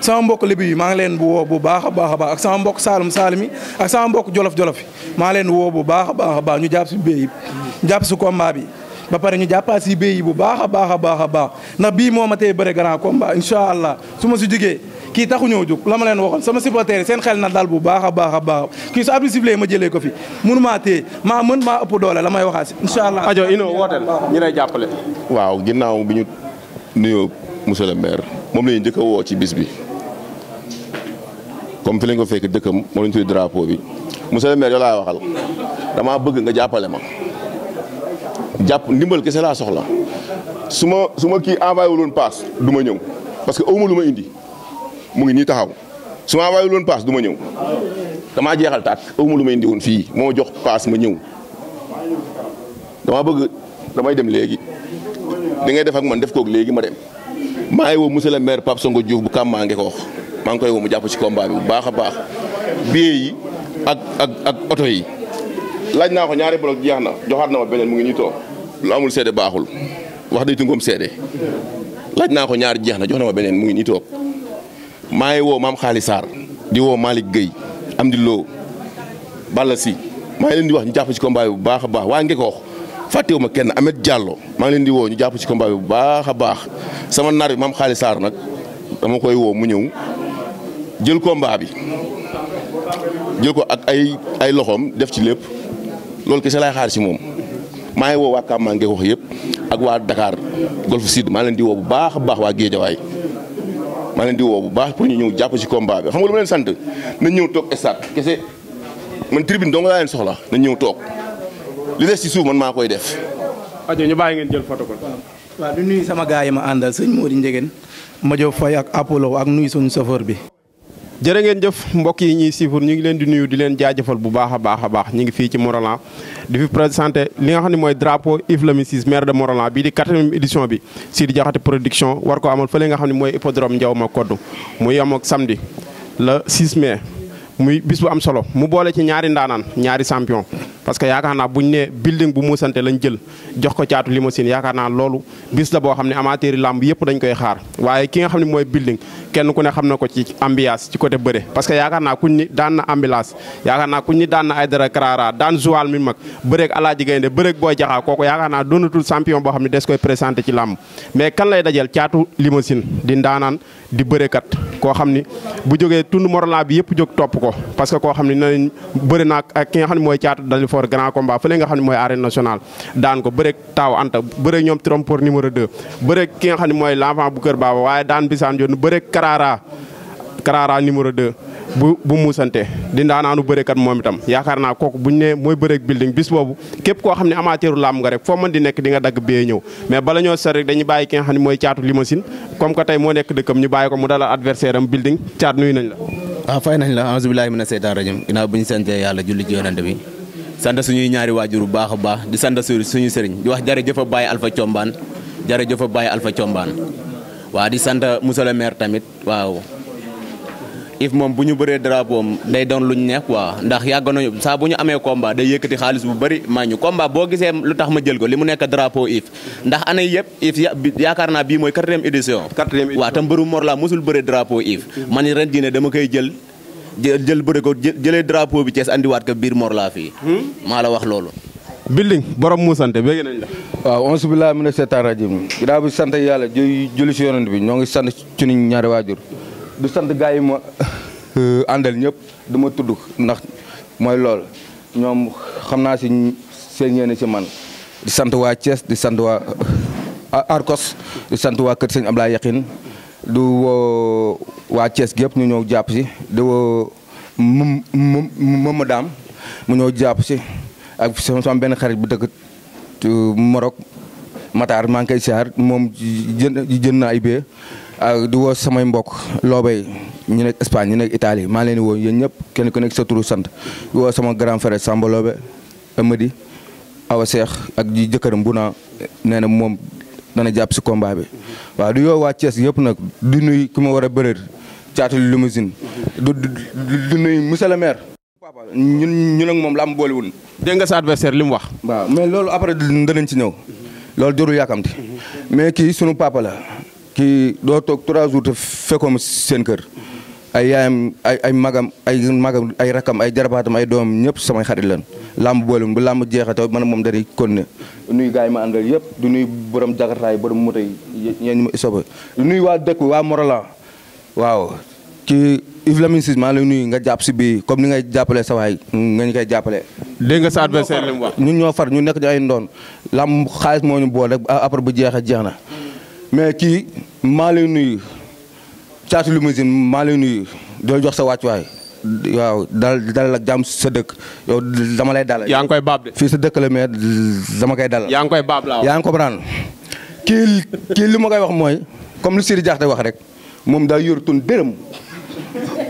sama mbokk libi yi maa ngi leen bu woo bu baax baax a baax ak sama mbokk saalum saalum yi ak sama mbokk jolof-jolof yi maa leen woo bu baax a baax ñu jàpp si béy yi jàpp si combat bi ba pare ñu jàppaa si béy bu baax a baax a baax a baax ndax bii moo ma tey bëre grand combat incha allah su ma si jugee kii taxuñoo jóg la ma leen waxoon sama supporter seen xel na dal bu baax a baax a baax kii su abdi siflee ma jëlee ko fi mënu maa maa mën maa ëpp doole la may waxaa si incha allah ajo ino wooteel ñi lay jàppale waaw ginnaaw bi ñu nuyoo monsieur le maire moom la ñu a woo ci bis bi ko fekk dëkkam moom la ñu bi monsieur le maire yow laa waxal damaa bëgg nga jàppale ma jàpp ndimbal kese laa soxla su ma su ma kii envoyé wuloon paas du ma ñëw parce que awma lu ma indi mu ngi nii taxaw su ma waayul woon paas du ma ñëw damaa jeexal tàkk awma lu ma indi indiwoon fii moo jox paas ma ñëw dama bëgg damay dem léegi di ngay def ak man def koog léegi ma dem maa ngi woo monsieur le maire Pape Songo Diouf bu kam maa ngi ko wax maa ngi koy woo mu jàpp ci combat bu baax a baax billets yi ak ak ak oto yi laaj naa ko ñaari bloc jeex na joxaat na ma beneen mu ngi ñu toog lu amul seede baaxul wax day tungoom seede laaj naa ko ñaari jeex na jox na ma beneen mu ngi ñu maa ngi woo maam Xaali Sarr di woo maalit géey am di loo Balla si maa ngi leen di wax ñu jàpp ci combat bi bu baax a baax waa Ngekoox fàttewu ma kenn Amet Diallo maa leen di woo ñu jàpp ci combat bi bu baax a baax sama nar bi maam Xaali Sarr nag dama koy woo mu ñëw jël combat bi jël ko ak ay ay loxoom def ci lépp loolu kese laay xaar ci moom maa ngi woo waa Kàmmaa Ngekoox yépp ak waa dakaar Golf Sud maa leen di woo bu baax a baax waa Géejawaay maa leen di woo bu baax pour ñu ñëw jàpp ci combat bi xam nga lu ma leen sant nañ ñëw toog stade kese man tribune dong laa leen soxla na ñëw toog li des ci suuf man maa koy def. rajo ñu bàyyi ngeen jël photo kon. waaw du nuyu sama gaa yi ma àndal sëñ Modou Ndiéguène Madiop Faye ak Apollo ak nuyu suñu chauffeur bi. jërë ngeen jëf mbokk yi ñuy siifur ñu ngi leen di nuyu di leen jaajëfal bu baax a baax a baax ñu ngi fii ci Morolan di fi présenté li nga xam ne mooy drapeau Yves Lamine Ciss maire de Morolan bii di quatrième édition bi Sidi Diakhaté production war ko amal fële nga xam ne mooy hippodrome Ndiaw ma koddu mu yem ak samedi le 6 mai muy bis bu am solo mu boole ci ñaari ndaanaan ñaari champion parce que yaakaar naa buñ ne building bu muusante lañ jël jox ko caatu limousine yaakaar naa loolu bis la boo xam ne amateur làmb yëpp dañ koy xaar waaye ki nga xam ne mooy building kenn ku ne xam na ko ci ambiance ci côté bëre parce yaakaar naa kuñ ni daan na ambulance yaakaar naa kuñ ni daan na ay dara karara daan Joal mi mag bëreeg Alaaji Gaynde bëreeg Boy Jaxaa kooku yaakaar naa doonatul champion boo xam ne des koy présenté ci làmb mais kan lay dajel caatu limousine di ndaanaan di kat koo xam ni bu jógee tund Morolan bi yëpp jóg topp ko parce que koo xam ne nañ bëri naa ak ki nga xam ne mooy caatu dali fort grand combat fële nga xam ne mooy arène national daan ko bëreeg taaw anta bëreeg ñoom trompeur numéro 2 bëreeg ki nga xam ne mooy l'enfant bu kër baaba waaye daan bisaan yoon bëreeg Karara Karara numéro 2 bu bu muusante di ndaanaanu bërekat moom itam yaakaar naa kooku buñ ne mooy bëreeg building bis boobu képp koo xam ne amateeru làmb nga rek foo mën di nekk di nga dagg bee ñëw mais bala ñoo sori rek dañu bàyyi ki nga xam ne mooy caatu limousine comme que tey moo nekk dëkkam ñu bàyyi ko mu dalal adversaire am building caat nuyu nañ la waaw ah, fay nañ la auzu billaahi mina seytaan rajim ginnaaw bu ñu sante yàlla julli ci yonante bi sant suñuy ñaari waajur bu baax a baax di sant suñu di wax jërëjëf a bàyyi alfa combaan jërëjëf a maire tamit waaw if moom bu ñu bëree drapeau am day doon luñ neex quoi ndax yàgg nañu saa bu ñu amee combat day yëkkati xaalis bu bëri maa ñu combat boo gisee lu tax ma jël ko li mu nekk drapeau if ndax année yëpp if yaakaar naa bii mooy quatrième édition waaw te mbëru Mor Lam mosul bëree drapeau if mm-hmm. man ren jii ne dama koy jël jël bëri ko jëlee drapeau bi Thiès andiwaat ko biir Mor fii hmm? maa la wax loolu building borom muusante bégg nañ la waaw onsu billahi a seetaan rajim ginnaaw bi sant yàlla julli si yonent bi ñoo ngi sant du sant gars yi ma euh, àndal ñëpp duma tudd ndax mooy lool ñoom xam naa si seen yéene si man di sant waa Thiès di sant waa euh, Arcos di sant waa Kër Sëñ Ablaye Yaqin du woo waa Thiès gépp ñu ñëw jàpp si di woo mu mu mu daam mu ñëw jàpp si ak sama benn xarit bu dëkk euh, Maroc Matar maa ngi koy siyaar moom jën jën naa ay bee Ah, di woo samay mbokk loobay ñu nekk Espagne ñu nekk Italie maa leen di woo yéen ñëpp kenn ku nekk sa sant di woo sama grand frère Samba Loobe Amady Awa Seex ak ji jëkkëram bu naa nee na moom dana jàpp si combat bi waaw di yoo waa Thiès yëpp nag di nuy ku ma war a bërër caatu limousine du du nuy monsieur le maire papa ñun ñun ak moom la am boolewul dégg nga sa adversaire li mu wax waaw mais loolu après danañ ci ñëw loolu jarul yàkkamti mhm. mais kii sunu papa ki doo toog trois jours te fekkoom seen kër ay yaayam ay ay magam ay magam ay rakam ay jarabaatam ay doomam ñëpp samay xarit lan làmb boolum bu làmb jeexa taw man moom dañuy continuer nuy gars yi ma àndal yëpp du nuy borom jakartaay borom moto yi ñeen ñu ma isoba du waa dëkk waa waaw ci Yves lay nuyu nga jàpp si bii comme ni ngay jàppalee sa waay nga ñu koy jàppale dégg sa adversaire ñoo far ñu nekk ñu ay ndoon làmb xaalis moo ñu boole rek après bu jeexa jeex na. mais kii maa lay nuyu caatu limousine maa lay nuyu doo jox sa wàccuwaay waaw dal dalal ak jàmm sa dëkk yow dama lay dalal. yaa ngi koy baab de. fii sa dëkk la mais dama koy dalal. yaa ngi koy baab laa yaa ngi comprendre kii kii li ma koy wax mooy comme lu Siri Diakhaté wax rek moom daa yor tun dërëm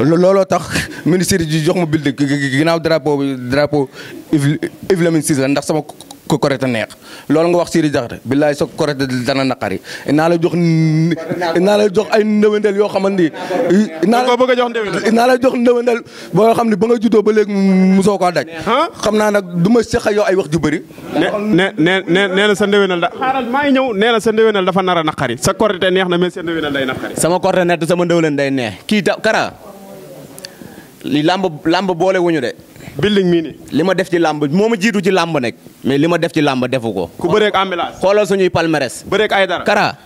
looloo tax ministère yi jox ma bild ginnaaw drapeau bi drapeau Yves Lamine Cissé la ndax sama. ko korite neex loolu nga wax Siri Jaxate billaay sa korite dana naqari la jox naa la jox ay yoo xamante ni naa ko bëgg a jox ndëwëndel la jox ndëwëndel boo xam ne ba nga juddoo ba léegi musoo ko daj xam naa nag du ma seq yow wax ju bëri ne ne nee na sa ndëwëndel da xaaral maa ngi ñëw nee na sa ndëwëndel dafa nar a sa korite neex na mais sa ndëwëndel day naqari sama korite neex sama ndëwëndel day neex kii ta kara lamb boole wuñu de building mii nii. li ma def ci làmb moo ma jiitu ci làmb nekk. mais li ma def ci làmb defu ko. ku bëreeg ambulance. xoolal suñuy palmarès. bëreeg ay dara Kara.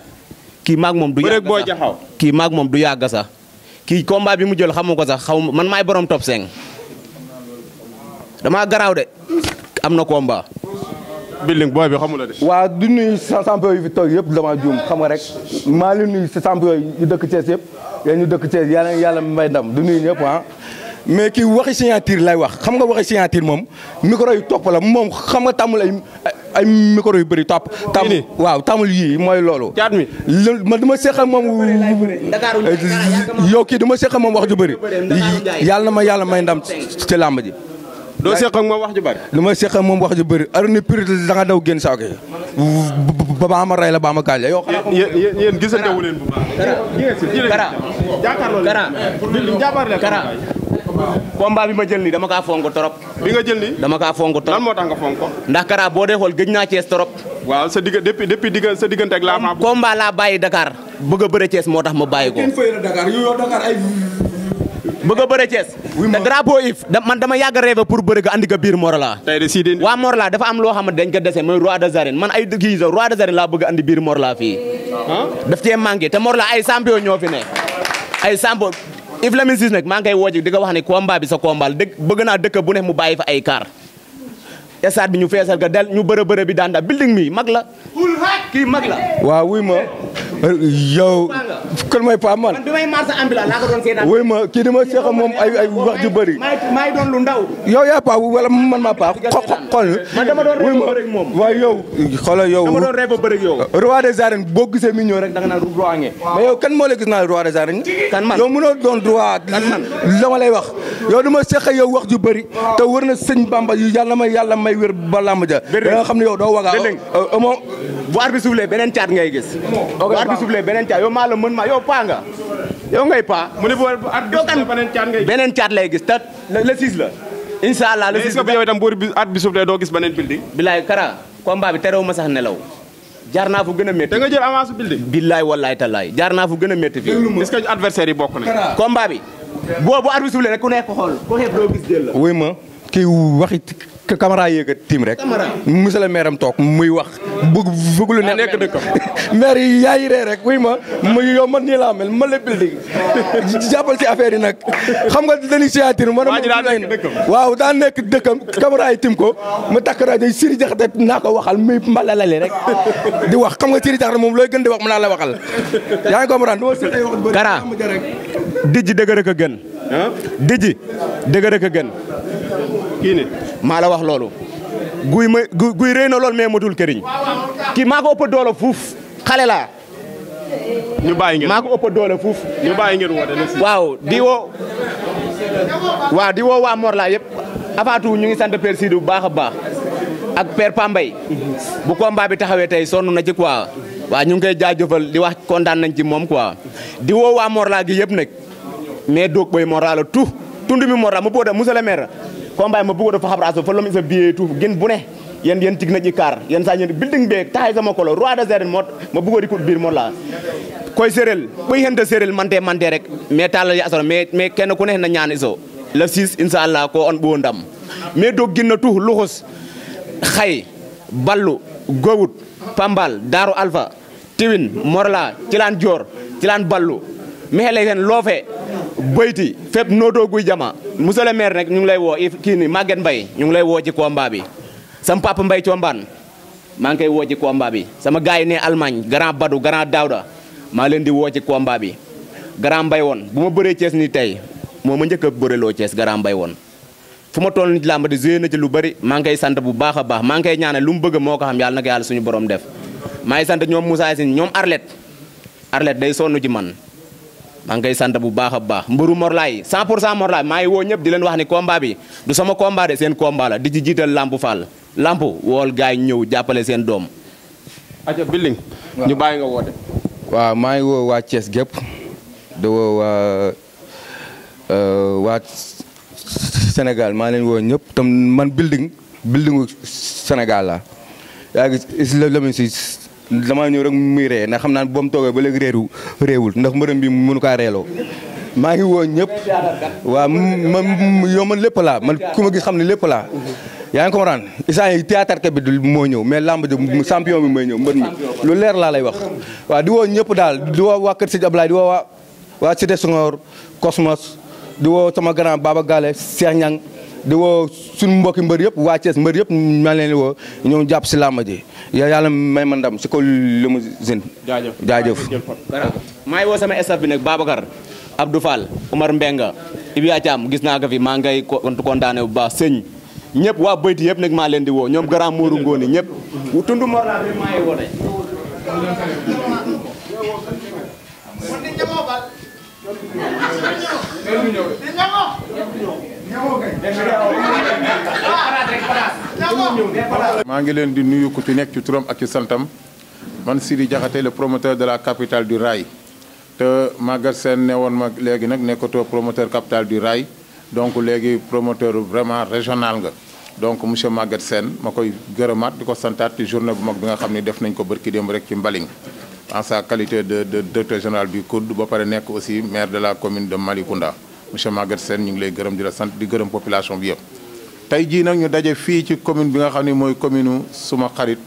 kii maak moom du yàgg sax bëreeg kii maag moom du yàgg sax. kii combat bi mu jël xamu ko sax xaw man maay borom top 5. damaa garaaw de. am na combat. building booy bi xamula de. waa du nuyu champion yi fi toog yëpp damaa juum xam nga rek maa ngi nuyu champion yi ñu dëkk Thiès yëpp yéen ñu dëkk Thiès yàlla yàlla may ndam du nuy ñëpp ah. mais kii wax signature lay wax xam nga wax signature moom micro yu topp la moom xam nga tàmmul ay ay micro yu bëri topp. tàmm waaw tàmmul yii mooy loolu. caat mi ma dama seq moom. yow kii dama seq moom wax ju bëri. yàlla na ma yàlla may ndam ci làmb ji. doo seq ak moom wax ju bëri. li ma seq ak moom wax ju bëri heure ni pire da nga daw génn saako yi. ba ba ma rey la ba ma gaañ la yow. yéen yéen gisante wu leen bu baax. Kara Kara Kara combat bi ma jël nii dama kaa fonk trop. bi nga jël nii dama kaa fonk trop lan nga fonk ndax Kara boo dee xool gëj naa Thiès trop. waaw sa digg depuis depuis digg sa diggante ak laa. combat laa bàyyi Dakar bëgg moo tax ma bàyyi ko. bëgg a bëre Thiès te drapeau if man dama yàgg a rêvé pour bëre ko andi ko biir Morala waa Morala dafa am loo xamante dañ ko dese mooy roi des arènes man ay kii roi des arènes laa bëgg andi biir Morala fii ah. daf cee manqué te Morala ay champion ñoo fi ne ay champion Yves Lamine Cissé nag maa ngi koy woo di ko wax ne combat bi sa combat dëgg bëgg naa dëkk bu ne mu bàyyi fa ay kaar stade bi ñu feesal ga del ñu bërë bërë bi daan daal building mi mag la kii mag la waaw wuy ma yow kon mooy Pape man. man bi may marché ambulant laa ko doon seetaan. wuy ma kii dama moom ay wax ju bëri. may doon lu ndaw. yow yaa Pape wala man maa Pape xo xool. man dama doon ba bëri ak moom. waaye yow ba bëri ak yow. boo gisee mi rek danga naan roi ngeen. mais yow kan moo la gis naa roi des arènes. kan man doon roi. kan la ma lay wax. yow dama seex yow wax ju bëri. te wër na sëñ Bamba yu yàlla may yàlla may wér ba làmb ja. da nga xam ne yow doo waga amoo bu arbitre bi soufflé beneen caat ngay gis. bu arbitre bi ma yow paa nga yow ngay paa. mu ne bu beneen caat lay gis te le six la. la mais yow bu at bi doo gis beneen building. bilaay kara combat bi terew ma sax nelaw. jaar naa fu gën a métti. da nga jël avance building. billaay wallaay talaay jaar naa fu gën a métti fii. est ce que adversaire yi bokk nañu. combat bi. boo bu at suuf la ku nekk xool. ku xeeb doo wuy ma kii waxi que Camara yéeg a tiim rek. monsieur le maire am muy wax. bëgg bëgg lu ah, nekk dëkkam. <laughs> maire yi yaay ree rek wuy ma ma yow man nii laa mel ma la building <laughs> jàppal ci affaire yi nag xam nga dañuy signature ma ne waaw daa nekk dëkkam Camara yi tiim ko ma takk rajo yi Siri naa ko waxal muy mbalalale rek di wax xam nga Siri Jaxate moom looy gën di wax mën naa la waxal yaa ngi comprendre. dijji dëgg a gën. dijji dëgg a gën. kii maa la wax loolu guy ma guy rëy na lool mais matul këriñ kii maa ko ëpp doole fuuf xale laa ñu bàyyi ngeen maa ko ëpp doole fuuf ñu bàyyi ngeen woote waaw di woo waaw di woo waa Morla yëpp avant ñu ngi sant Père Sidou bu baax a baax ak Père Pambay bu combat bi taxawee tey sonn na ci quoi waaw ñu ngi koy jaajëfal di wax kontaan nañ ci moom quoi di woo waa Morla gi yëpp nag mais doog boy Morla la tout tund mi Morla mu booda monsieur le mer combat ma bëggoon dafa xabraas fa lom isa billet tout gën bu ne yéen yéen tig na ci kaar yéen saa yéen building beeg taxay sama kolo roi des arènes moo ma di kut biir moo la koy séeréel koy xente mante mante rek mais taalal ya asoro mais mais kenn ku ne na ñaan iso le 6 incha allah ko on ɓoo ndam mais doog gën na tout luxus xay ballu gowut pambal daaru alpha tiwin morla cilaan joor cilaan ballu mexeley fen loofe Boyti fépp nootoo guy jama monsieur le maire nag ñu ngi lay woo kii ni Maguette mbay ñu ngi lay woo ci combat bi sama papa Mbaye Combaan maa ngi koy woo ci combat bi sama gars yi ne Allemagne grand Badou grand maa leen di woo ci combat bi grand Mbaye woon bu ma bëree cees ni tey moo ma njëkk a bëreloo Thiès grand Mbaye woon fu ma toll nit làmb di joué na ci lu bari maa ngi koy sant bu baax a baax maa ngi koy ñaanal lu mu bëgg moo ko xam yàlla na ko yàlla suñu borom def maa ngi sant ñoom Moussa si ñoom Arlette Arlette day sonn ci man maa ngi koy bu baax a baax mbëru Morlaay 100 pour cent Morlaay maa ngi woo ñëpp di leen wax ni combat bi du sama combat de seen combat la di ci jiital Lamp Fall Lamp wool gars yi ñëw jàppale seen doom. aja Billing maa ngi woo waa Thiès gépp di woo euh, ñëpp tam man Billing Billingu Sénégal damaa ñëw rek muy ree ndax xam naa ba mu toogee ba léegi réeru réewul ndax mbërëm bi mënu kaa reeloo maa ngi woo ñëpp waaw man yow man lépp laa man ku ma gis xam ne lépp laa yaa ngi comprendre isaan yi théâtre kat bi du moo ñëw mais lamb ji champion bi mooy ñëw mbër lu leer laa lay wax waa di woo ñëpp daal di woo waa kër Sidi Ablaye di woo waa waa Cité Senghor Cosmos di woo sama grand Baba Gale Cheikh Niang di woo suñu mbokki mbër yëpp waa Thiès mbër yëpp maa leen di woo ñëw jàpp si làmb ji yàlla may ma ndam si kaw limousine. jaajëf jaajëf. maa ngi woo sama staff bi nag Babacar Abdou Fall Omar Mbenga Ibia gis naa ko fi maa ngay kontaane bu baax sëñ ñëpp waa bayti yëpp nag maa leen di woo ñoom grand Mourou Ngoni ñëpp. tund Mor woo tey. maa ngi leen di nuyu ku ci nekk ci turam ak ci santam man Sidi Diakhaté le promoteur de la capitale du raay te Maguette seen ne woon ma léegi nag nekkatoo promoteur capitale du rail donc léegi promoteur vraiment régional nga. donc monsieur Maguette seen ma koy gërëmaat di ko santaat ci journée bu mag bi nga xam ne def nañ ko barki démb rek ci Mbaling en sa qualité de de directeur général du COUD ba pare nekk aussi maire de la commune de Malicounda. monsieur Maguette Sène ñu ngi lay gërëm di la sant di gërëm population bi yëpp. tey jii nag ñu daje fii ci commune bi nga xam ne mooy commune suma xarit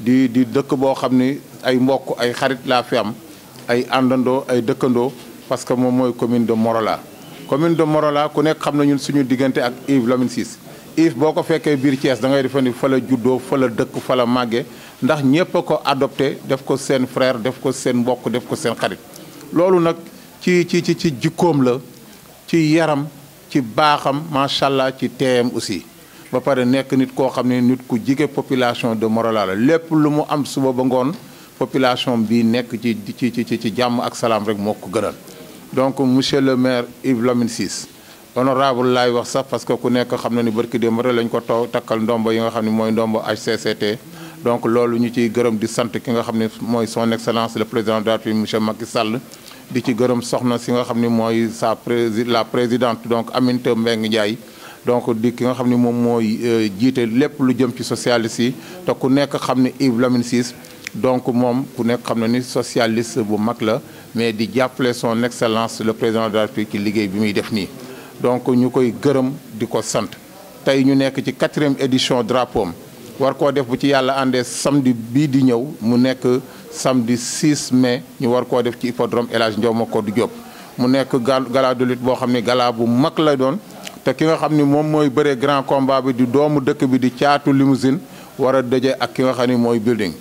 di di dëkk boo xam ni ay mbokk ay xarit laa fi am ay àndandoo ay dëkkandoo parce que moom mooy commune de Morola. commune de Morola ku nekk xam na suñu diggante ak Yves Lamine Ciss boo ko fekkee biir Thiès da ngay defe juddoo fa dëkk fa la ndax ñépp ko adopté def ko seen frère def ko seen mbokk def ko seen loolu nag ci ci ci ci jikkoom la. ci yaram ci baaxam macha allah ci teeyam aussi ba pare nekk nit koo xam ne nit ku jige population de Morolan la lépp lu mu am suba ba ngoon population bi nekk ci ci ci ci jàmm ak salaam rek moo ko gënal. donc monsieur le maire Yves Lamine Ciss honorable laay wax sax parce que ku nekk xam na ni barki démb rek lañ ko taw takkal ndombo yi nga xam ne mooy ndombo HCCT. donc loolu ñu ciy gërëm di sant ki nga xam ne mooy son excellence le président de la République monsieur Macky Sall. di ci gërëm soxna si nga xam ni mooy sa prési la présidente donc Aminata Mbengue Ndiaye donc di ki nga xam ni moom mooy euh, jiite lépp lu jëm ci socialiste yi te ku nekk xam ni Yves Lamine donc moom ku nekk xam na ni socialiste bu mag la mais di jàppale son excellence le président de la ci liggéey bi muy def nii donc ñu koy gërëm di ko sant tey ñu nekk ci quatrième édition drapeau war koo def bu ci yàlla àndee samedi bii di ñëw mu nekk samedi 6 mai ñu war koo def ci hippodrome El Hadj Ndiaw Macodou Diop mu nekk gala de boo xam ne gala bu mag la doon te ki nga xam ni moom mooy bëre grand combat bi di doomu dëkk bi di caatu limousine war a daje ak ki nga xam ne mooy building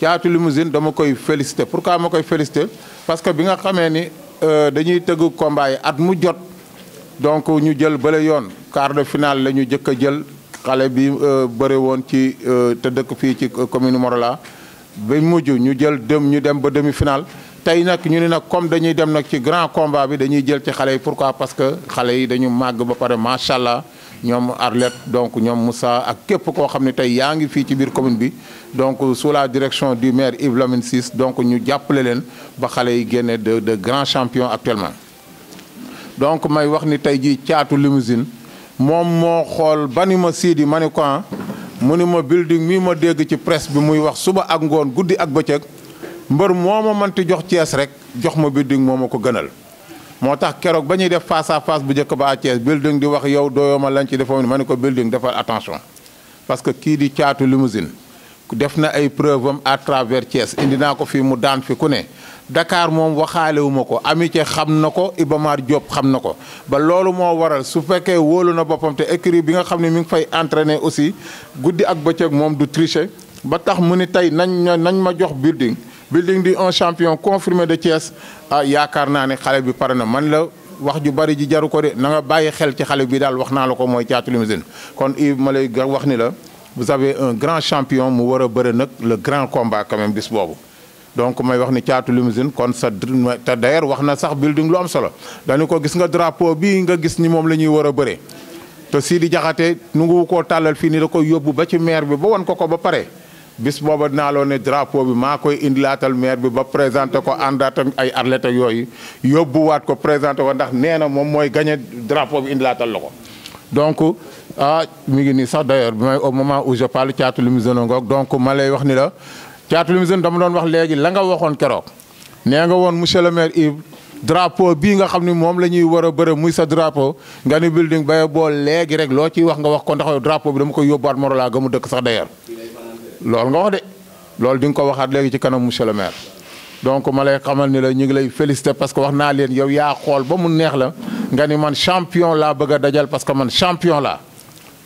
caatu limousine dama koy félicité pour pourquoi ma koy félicité parce que bi nga xamee ni euh, dañuy tëgg combat yi at mu jot donc ñu jël bële yoon quart de finale la ñu jëkk a jël xale bi euh, bëri woon ci euh, te dëkk fii ci euh, commune Morola ba mujj ñu jël dem ñu dem ba demi final tey nag ñu ne nag comme dañuy dem nag ci grand combat bi dañuy jël ci xale yi pourquoi parce que xale yi dañu màgg ba pare macha allah ñoom Arlette donc ñoom Moussa ak képp koo xam ne tey yaa ngi fii ci biir commune bi donc sous la direction du maire Yves Lamine Ciss donc ñu jàppale leen ba xale yi génne de de grands champions actuellement donc may wax ni tey jii caatu moom moo xool ba ni ma siidi ma ni ko ah, mu ni ma building mii ma dégg ci presse bi muy wax suba ak ngoon guddi ak bëccëg mbër moo ma mënti jox Thiès rek jox ma building moo ma ko gënal. moo tax keroog ba ñuy def face à face bu njëkk ba à Thiès building di wax yow dooyoo ma lañ ci defoon ma ni ko building defal attention parce que kii di caatu limousine def na ay preuve am à travers Thiès indi naa ko fii mu daan fi ku ne. Dakar moom waxaalewu ma ko amitié xam na ko Ibamar Diop xam na ko ba loolu moo waral su fekkee woolu na boppam te écurie bi nga xam ne mi ngi fay entraîner aussi guddi ak bëccëg moom du tricher ba tax mu ni tey nañ nañ ma jox building building di un champion confirmé de Thiès ah yaakaar naa ne xale bi pare na man la wax ju bari ji jaru ko de na nga bàyyi xel ci xale bi daal wax naa la ko mooy Thiatou Limousine kon i ma lay wax ni la bu avez un grand champion mu war a bëre nag le grand combat quand bis boobu donc may wax ni caatu limousine kon sa te d'ailleurs wax na sax building lu am solo dañu ko gis nga drapeau bi nga gis ni moom la ñuy war a bëre te Sidi Diakhaté nu ngi koo tàllal fii ni da koy yóbbu ba ci maire bi ba wan ko ko ba pare bis booba dinaa loo ne drapeau bi maa koy indilaatal maire bi ba présenté ko àndaat ak ay athlètes yooyu yóbbu waat ko présenté ko ndax nee na moom mooy gagné drapeau bi indilaatal la ko donc ah mi ngi nii sax d'ailleurs mooy au moment où je parle caatu limousine ngoog donc ma lay wax ni la Thiatou Limousine dama doon wax léegi la nga waxoon keroog nee nga woon monsieur le maire Yves drapeau bii nga xam ni moom la ñuy war a bëre muy sa drapeau nga ni building baye bool léegi rek loo ciy wax nga wax ko ndax drapeau bi dama koy yóbbuwaat Morola ga mu dëkk sax d'ailleurs loolu nga wax de loolu di nga ko waxaat léegi ci kanam monsieur le donc ma lay xamal ni la ñu ngi lay féliciter parce que wax naa leen yow yaa xool ba mu neex la nga ni man champion laa bëgg a dajal parce que man champion laa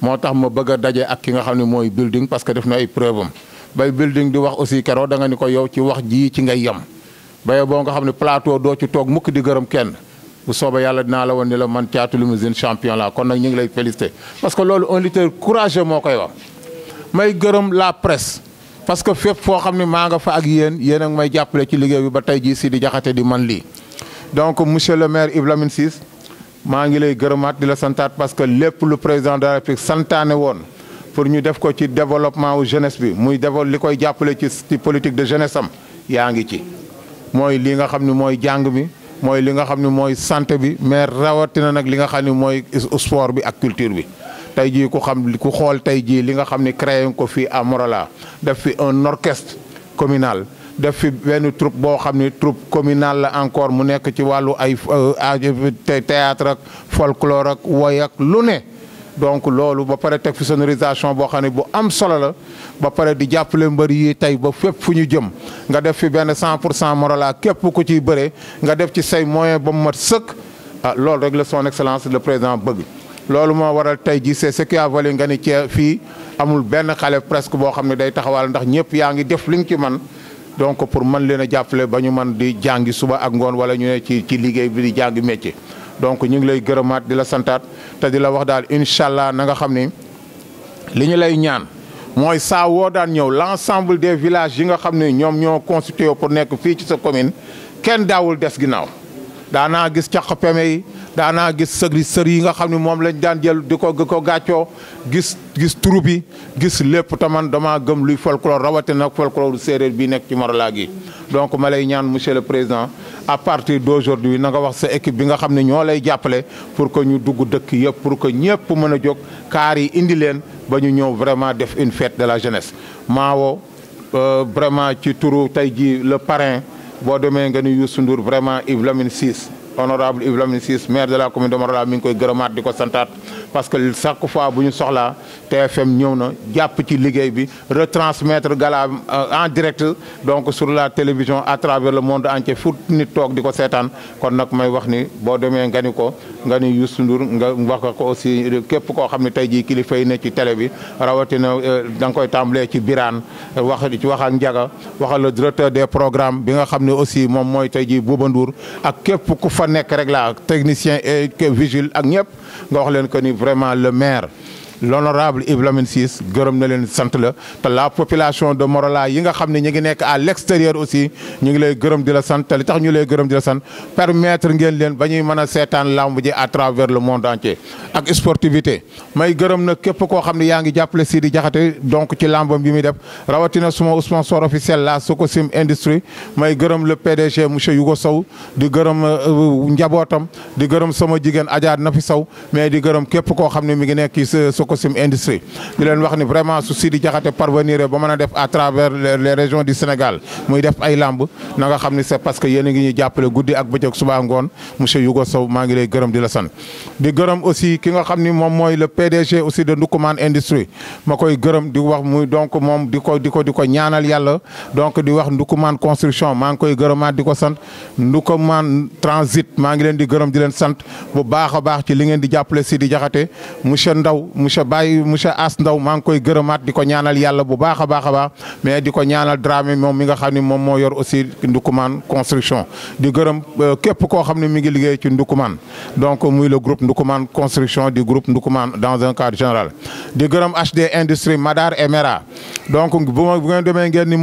moo tax ma bëgg a daje ki nga xam ne mooy building parce que def na ay preuve bay building di wax aussi keroog da nga ni ko yow ci wax ji ci ngay yem bayo boo nga xam ne plateau doo ci toog mukk di gërëm kenn bu soobee yàlla dinaa la woon ni la man Thiatou Limousine champion la kon nag ñu ngi lay félicité parce que loolu un lutteur courageux moo koy wax may gërëm la presse parce que fépp foo xam ne maa nga fa ak yéen yéen ak may jàppale ci liggéey bi ba tey jii sii di jaxate di man lii donc monsieur le maire Yves Lamine maa ngi lay gërëmaat di la santaat parce que lépp lu président de la woon pour ñu def ko ci développement wu bi muy dévo li koy jàppale ci ci politique de jeunesse am yaa ngi ci mooy li nga xam ni mooy jàng mi mooy li nga xam ni mooy santé bi mais rawatina nag li nga xam ne mooy sport bi ak culture bi tey jii ku xam ku xool tey jii li nga xam ne créé ko fii à Morola def fi un orchestre communal def fi wenn troupe boo xam ne troupe communal la encore mu nekk ci wàllu ay euh, théâtre ak folklore ak woy ak lu ne donc loolu ba pare teg fi sonorisation boo xam ne bu am solo la ba pare di jàppale mbër yi tey ba fépp fu ñu jëm nga def fi benn 100 pour cent Morola képp ku ciy bëree nga def ci say moyen ba mu mat sëkk ah loolu rek la son excellence le président bëgg. loolu moo waral tey jii c'est ce qui nga ni cee fii amul benn xale presque boo xam ne day taxawal ndax ñëpp yaa ngi def li nga ci man donc pour mën leen a jàppale ba ñu mën di jàngi suba ak ngoon wala ñu ne ci ci liggéey bi di jàngi métier. donc ñu ngi lay gërëmaat di la santaat te di la wax daal incha allah na nga xam ni li ñu lay ñaan mooy saa woo daan ñëw l' ensemble des villages yi nga xam ne ñoom ñoo constitué pour nekk fii ci sa commune kenn daawul des ginnaaw daanaa gis caq peme daanaa gis sëri sër yi nga xam ne moom lañ daan jël di ko di ko gàccoo gis gis turu bi gis lépp te man gëm luy folklore rawatina nag folklore séeréer bi nekk ci Morolan gi donc ma lay ñaan monsieur le président à partir d'aujourd'hui na nga wax sa équipe bi nga xam ne ñoo lay jàppale pour que ñu dugg dëkk yëpp pour que ñëpp mën a jóg kaar yi indi leen ba ñu ñëw vraiment def une fête de la jeunesse maawo euh, vraiment ci turu tey ji le parrain boo demee nga ni Youssou Ndour vraiment Yves Lamine Ciss honorable Ibrahima Ciss maire de de Mont Rolland mi ngi koy gërëmaat di ko santaat parce que chaque fois bu ñu soxlaa TFM ñëw na jàpp ci liggéey bi retransmettre gala euh, en direct donc sur la télévision à travers le monde entier fu nit toog di ko seetaan kon nag may wax ni boo demee nga ni ko nga ni Youssou Ndour nga wax ko aussi képp koo xam ne tey jii kilifa yi ne ci télé bi rawatina euh, da nga koy tàmbalee ci Birane wax ci wax ak Ndiaga waxal le directeur des programme bi nga xam ne aussi moom mooy tey jii Bouba Ndour ak képp ku fa nekk rek la technicien et vigile ak ñëpp nga wax leen que ni vraiment le maire l'honorable Yves Lamine Ciss gërëm na leen sant la te la population de Morola yi nga xam ne ñu ngi nekk à l'extérieur aussi ñu ngi lay gërëm di la sant te li tax ñu lay gërëm di la sant permettre ngeen leen ba ñuy mën a seetaan lamb ji à travers le monde entier ak sportivité may gërëm na képp koo xam ne yaa ngi jàppale di jaxate donc ci làmbam bi muy def rawatina suma sponsor officiel la Sokosim Industrie may gërëm le PDG monsieur Yougo saw di gërëm euh, njabootam di gërëm sama jigéen Adja Nafi Sow mais di gërëm képp koo xam ne mi ngi nekk euh, Lacosim Industrie di leen wax ni vraiment su Sidi Diakhaté parvenir ba mën a def à travers les régions du Sénégal muy def ay lamb na nga xam ni c'est parce que yéen a ngi ñuy jàppale guddi ak bëccëg suba ngoon monsieur Yougo Sow maa ngi lay gërëm di la sant di gërëm aussi ki nga xam ni moom mooy le PDG aussi de Ndoukoumane Industrie ma koy gërëm di wax donc moom di ko ñaanal yàlla donc di wax Ndoukoumane construction maa ngi leen di gërëm di leen sant bu baax a monsieur Baye monsieur As Ndaw maa ngi koy gërëmaat di ko ñaanal yàlla bu baax a baax a baax mais di ko ñaanal Dramé moom mi nga xam ne moom moo yor aussi Ndoukoumane construction di gërëm euh, képp koo xam ne mi ngi liggéey ci Ndoukoumane donc muy le groupe Ndoukoumane construction du groupe Ndoukoumane dans un cadre général di gërëm HD industrie Madar et Mera donc bu ma bu ngeen demee ngeen ni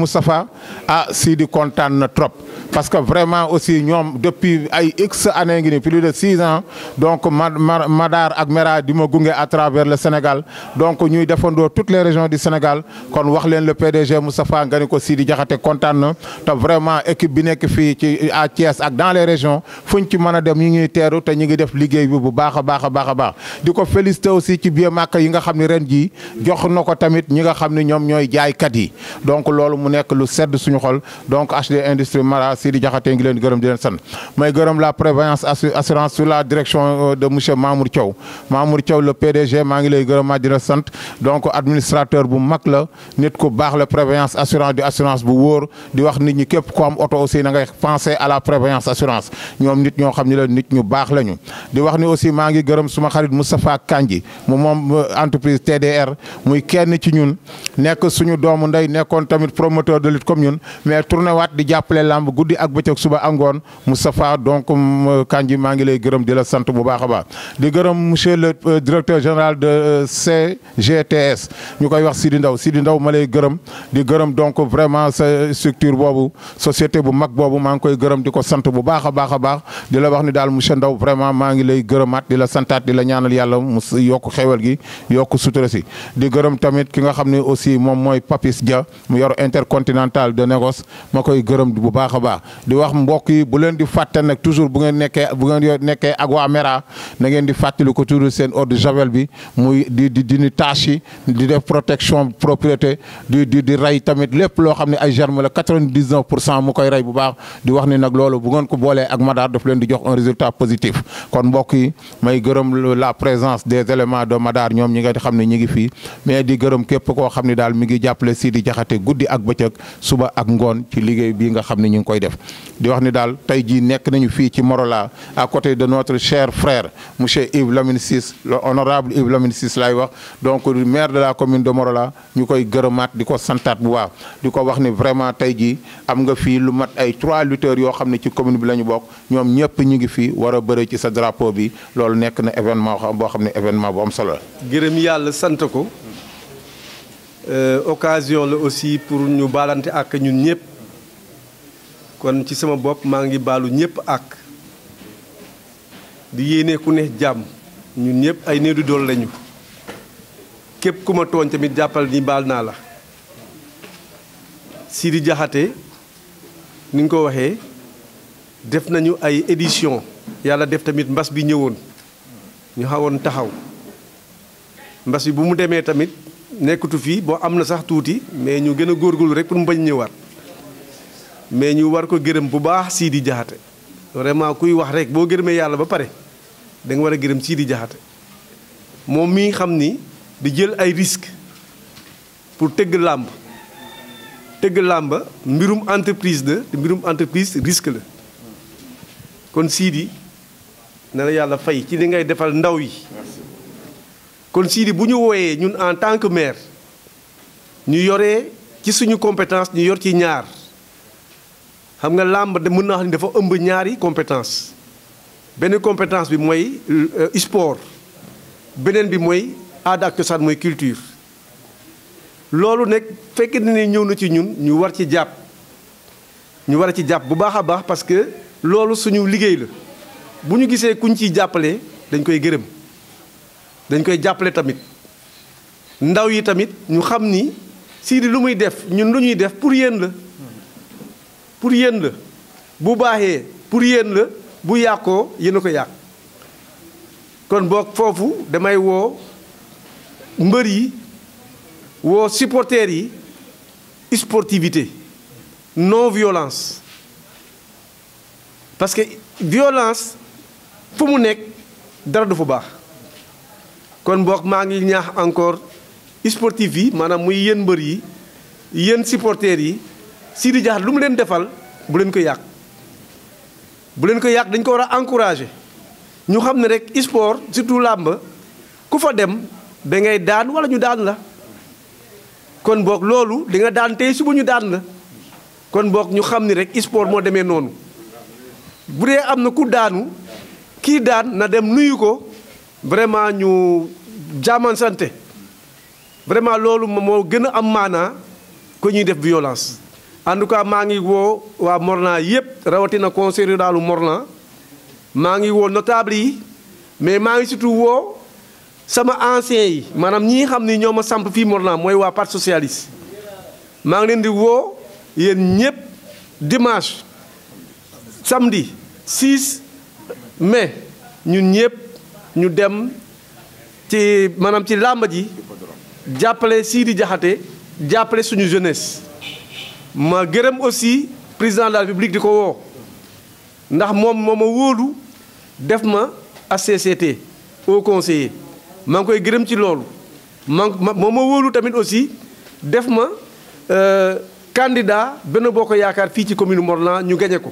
ah, si di kontaan na trop parce que vraiment aussi ñoom depuis x années ngi ni plus de Sénégal donc ñuy defandoo toutes les régions du Sénégal kon wax leen le PDG Moustapha nga ko Sidi Diakhaté kontaan te vraiment équipe bi nekk fii ci à Thiès ak dans les régions fuñ ci mën dem ñu teeru te ñu ngi def liggéey bi bu baax a baax a a baax di ko félicité aussi ci biir màkk yi nga xam ne ren jii jox na ko tamit ñi nga xam ne ñoom ñooy jaaykat yi donc loolu mu nekk lu sedd suñu xol donc HD Industrie Mara Sidi Diakhaté ngi leen gërëm di leen sant may la prévoyance assurance sous la direction euh, de gërëmaat di la sant donc administrateur bu mag la nit ku baax la prévoyance assurance di assurance bu wóor di wax nit ñi képp ku am oto aussi na ngay penser à la prévoyance assurance ñoom nit ñoo xam ne la nit ñu baax lañu di wax ni aussi maa ngi gërëm suma xarit Moustapha Kandji mu moom euh, entreprise TDR muy kenn ci ñun nekk suñu doomu ndey nekkoon tamit promoteur de lutte comme ñun mais tourné waat di jàppale làmb guddi ak bëccëg suba angoon Moustapha donc Kandji maa ngi lay gërëm di la sant bu baax a baax CGTS ñu koy wax Sidi Ndaw sii di Ndaw ma lay gërëm di gërëm donc vraiment sa structure boobu société bu mag boobu maa ngi koy gërëm di ko sant bu baax a baax a baax di la wax ni daal monsieur Ndaw vraiment maa ngi lay gërëmaat di la santaat di la ñaanal yàlla mu yokk xewal gi yokk sutura si di gërëm tamit ki nga xam ne aussi moom mooy Papis ja mu yor intercontinental de négoce ma koy gërëm bu baax a baax di wax mbokk yi bu leen di fàtte nag toujours bu ngeen nekkee bu ngeen nekkee ak waa Mera na di fàttali ko toujours seen eau de bi di di di ñu tâche yi di di rey tamit lépp loo xam ne ay germe la quatre vingt dix cent mu koy rey bu baax di wax ni nag loolu bu ngeen ko boolee ak Madaar daf leen di jox un résultat positif kon mbokk yi may gërëm la présence des éléments de Madaar ñoom ñi nga xam ne ñi ngi fii mais di gërëm képp koo xam ne daal mi ngi jàppale Sidi Jaxate guddi ak bëccëg suba ak ngoon ci liggéey bii nga xam ne ñu ngi koy def di wax ni daal tey jii nekk nañu fii ci Morola à côté de notre cher frère monsieur Yves Lamine laay wax donc maire de la commune de Morola ñu koy gërëmaat di ko santaat bu baax di ko wax ni vraiment tey jii am nga fii lu mat ay trois lutteurs yoo xam ne ci commune bi la ñu bokk ñoom ñëpp ñu ngi fi war a bëre ci sa drapeau bi loolu nekk na événement boo xam ne événement bu am solo la. gërëm yàlla sant ko euh, occasion la aussi pour ñu balante ak ñun ñëpp kon ci sama bopp maa ngi baalu ñëpp ak di yéene ku ne jàmm ñun ñëpp ay néew du dool lañu. képp ku ma tooñ tamit jàppal ni baal naa la Sidi Diakhaté ni nga ko waxee def nañu ay édition yàlla def tamit mbas bi ñëwoon ñu xawoon taxaw mbas bi bu mu demee tamit nekkatu fii boo am na sax tuuti mais ñu gën a góorgóorlu rek pour mu bañ ñëwaat mais ñu war ko gërëm bu baax Sidi Diakhaté vraiment kuy wax rek boo gërëmee yàlla ba pare da war a gërëm Sidi Diakhaté moom mi xam ni di jël ay risques pour tëgg làmb tëgg làmb mbirum entreprise la te mbirum entreprise risque la kon Sidi na la yàlla fay ci li ngay defal ndaw yi kon Sidi bu ñu wooyee ñun en tant que maire ñu yoree ci suñu compétence ñu yor ci ñaar xam nga làmb de mën naa xam ne dafa ëmb ñaari compétence benn compétence bi mooy euh, sport beneen bi mooy aada ak cosaan mooy culture loolu nag fekk ni ñëw na ci ñun ñu war ci jàpp ñu war a ci jàpp bu baax a baax parce que loolu suñu liggéey la bu ñu gisee kuñ ciy jàppale dañ koy gërëm dañ koy jàppale tamit ndaw yi tamit ñu xam ni Sidy lu muy def ñun lu ñuy def pour yéen la pour yéen la bu baaxee pour yéen la bu yàqoo yéen a ko yàq kon boog foofu damay woo mbër yi woo supporters yi sportivité non violence parce que violence fu mu nekk dara du fa baax kon mbokk maa ngi ñaax encore sportif yi maanaam muy yéen mbër yi yéen supporters yi Sidi Diakhaté lu mu leen defal bu leen ko yàq bu leen ko yàq dañ ko war a encourager ñu xam ne rek sport surtout làmb ku fa dem dangay ngay daan wala ñu daan la kon boog loolu di nga daan tey suba ñu daan la kon boog ñu xam ni rek sport moo demee noonu bu dee am na ku daanu kii daan na dem nuyu ko vraiment ñu jaaman sante vraiment loolu moo gën a am maanaa ko ñuy def violence en tout cas maa ngi woo waa Morna yëpp rawatina conseil daalu u Morna maa ngi woo notable yi mais maa ngi surtout woo sama ancien yi maanaam ñi xam ni ñoo ma samp fii Morlan mooy waa parti socialiste maa ngi leen di woo yéen ñëpp dimanche samdi 6 mai ñun ñëpp ñu dem ci maanaam ci làmba ji jàppale di Diakhaté jàppale suñu jeunesse ma gërëm aussi président de la République di ko woo ndax moom moo ma wóolu def ma HCCT au conseiller maa ngi koy gërëm ci loolu ma moo ma wóolu tamit aussi def ma euh, candidat benn boo ko yaakaar fii ci commune Morlan ñu gañe ko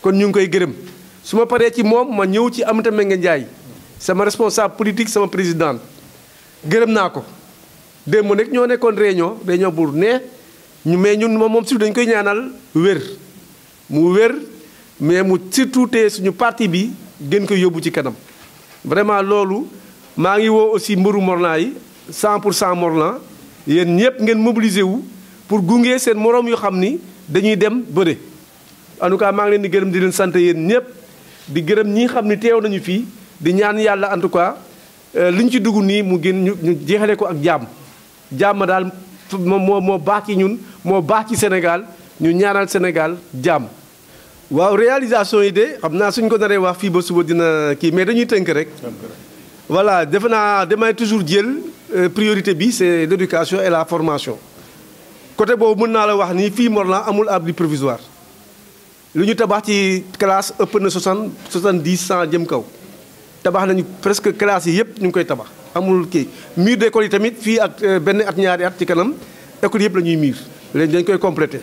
kon ñu ngi koy gërëm su ma paree ci moom ma ñëw ci am Aminata nga Ndiaye sama responsable politique sama présidente gërëm naa ko démb nag ñoo nekkoon réunion réunion bu ne ñu mais ñun moom si surtout dañu koy ñaanal wér mu wér mais mu surtout te suñu partie bi gën ko yóbbu ci kanam vraiment loolu maa ngi woo aussi mbëru Morlan yi 100 pour cent Morlan yéen ñëpp ngeen mobiliser wu pour gunge seen morom yu xam ni dañuy dem bëre. en tout cas maa ngi leen di gërëm di leen sant yéen ñëpp di gërëm ñi xam ni teew nañu fii di ñaan yàlla en tout cas euh, liñ ci dugg nii mu gën ñu jeexale ko ak jàmm jàmm daal moo moo baax ci ñun moo baax ci Sénégal ñu ñaanal Sénégal jàmm. waaw réalisation yi de xam naa suñ ko naree wax fii ba suba dina kii mais dañuy tënk rek. voilà defe naa damay toujours jël euh, priorité bi c'est l'éducation et la formation côté boobu mën naa la wax nii fii Morlan amul abri provisoire lu ñu tabax ci classe ëpp na soixante soixante-dix cent jëm kaw tabax nañu presque classe yi yëpp ñu ngi koy tabax amul kii mur d'école yi tamit fii ak euh, benn at ñaari at ci kanam école yëpp lañuy miir léegi dañ koy complété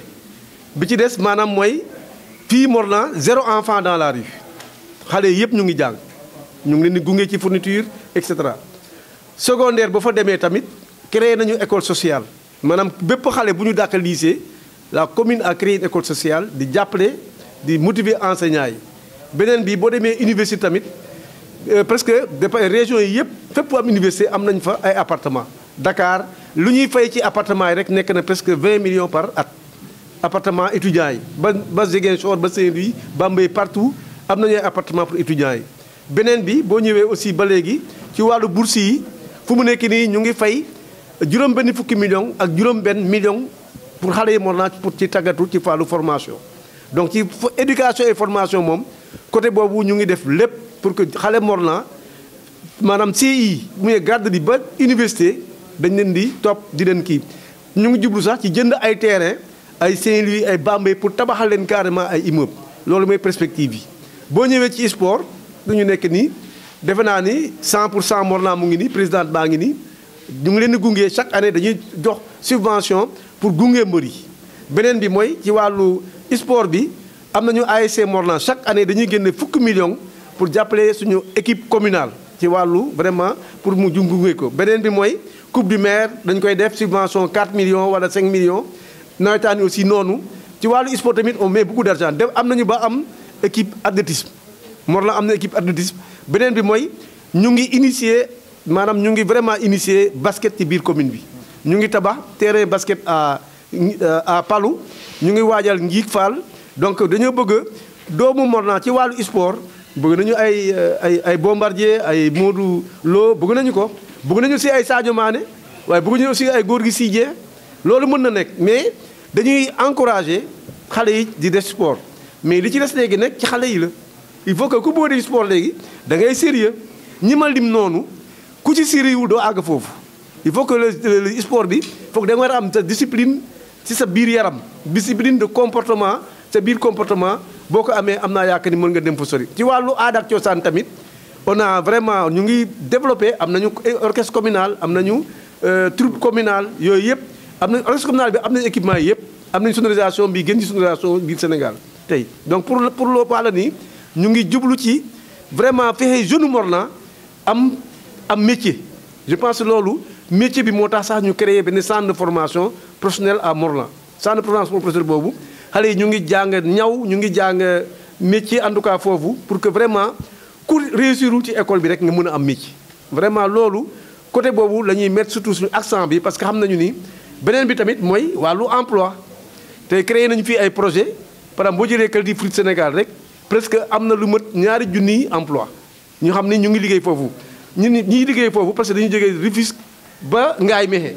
bi ci des maanaam mooy fii Morlan zéro enfant dans la rue xale yëpp ñu ngi jàng ñu ngi leen di gunge ci fourniture et cetera. secondaire ba fa demee tamit créé nañu école sociale maanaam bépp xale bu ñu dàq lycée la commune a créé une école sociale di jàppale di motiver enseignants yi. beneen bi boo demee université tamit euh, presque dafa région yi yëpp fépp am université am nañ fa ay appartement Dakar lu ñuy fay ci appartement yi rek nekk na presque vingt millions par at. apartement étudiants yi ba ba Ziguinchor ba Saint-Louis Bambey partout am nañu ay appartement pour étudiants yi. beneen bi boo ñëwee aussi ba léegi ci wàllu bourse yi fu mu nekk nii ñu ngi fay juróom benn fukki million ak juróom benn million pour xale yi moo naa pour ci tàggatu ci wàllu formation donc ci éducation et formation moom côté boobu ñu ngi def lépp pour que xale Morna maanaam CI mu ne garde di ba université dañ leen di topp di leen kii ñu ngi jublu sax ci jënd ay terrain ay Saint-Louis ay Bambey pour tabaxal leen carrément ay immeuble loolu mooy perspective yi boo ñëwee ci lu ñu nekk nii defe naa ni cent pour cent Morna mu ngi nii présidente baa ngi nii ñu ngi leen di gunge chaque année dañuy jox subvention pour gunge mbër yi. beneen bi mooy ci wàllu sport bi am nañu ASC Morna chaque année dañuy génne fukk million pour jàppale suñu équipe communale ci wàllu vraiment pour mu gunge ko. beneen bi mooy coupe du maire dañ koy def subvention quatre million wala cinq millions nawetaan aussi noonu ci wàllu sport tamit on met beaucoup d'argent def am nañu ba am équipe athlétisme. Morlan am na équipe athlétisme beneen bi mooy ñu ngi initier maanaam ñu ngi vraiment initier basket ci biir commune bi ñu ngi tabax terrain basket à à Palu ñu ngi waajal Ngiig Fall donc dañoo bëgg doomu Morlan ci wàllu sport bëgg nañu ay ay ay bombardier ay Modou Lo bëgg nañu ko bëgg nañu si ay Sadio Mané waaye bëgg nañu si ay góor gi Sidje loolu mën na nekk mais dañuy encourager xale yi di des sport mais li ci des léegi nag ci xale yi la. il faut que ku boori sport léegi da ngay sérieux ñi ma lim noonu ku ci sérieux wu doo àgg foofu il faut que le sport bi foog da war am sa discipline ci sa biir yaram discipline de comportement sa biir comportement boo ko amee am naa yaakaar ni mën nga dem fa sori ci wàllu aada ak cosaan tamit on a vraiment ñu ngi développé am nañu orchestre communal am nañu euh, troupe communal yooyu yëpp am nañ orchestre communal bi am nañ équipement yi yëpp am nañ sonorisation bi gën ci biir Sénégal ñu ngi jublu ci vraiment fexe jeune Morlan am am métier je pense loolu métier bi moo tax sax ñu créer benn centre formation professionnelle à Morlan centre de formation professionnelle boobu xale yi ñu ngi jàng ñaw ñu ngi jàng métier en tout cas foofu pour que vraiment ku réussir ci école bi rek nga mën a am métier. vraiment loolu côté boobu la ñuy mettre surtout suñu accent bi parce que xam nañu ni beneen bi tamit mooy wàllu emploi te créer nañu fii ay projet par exemple boo jëlee Qualité Fruit Sénégal rek. presque am na lu mat ñaari junniy emploi ñu xam ne ñu ngi liggéey foofu ñu ni ñiy liggéey foofu parce que dañu jógee Rufisque ba Ngaay Mexe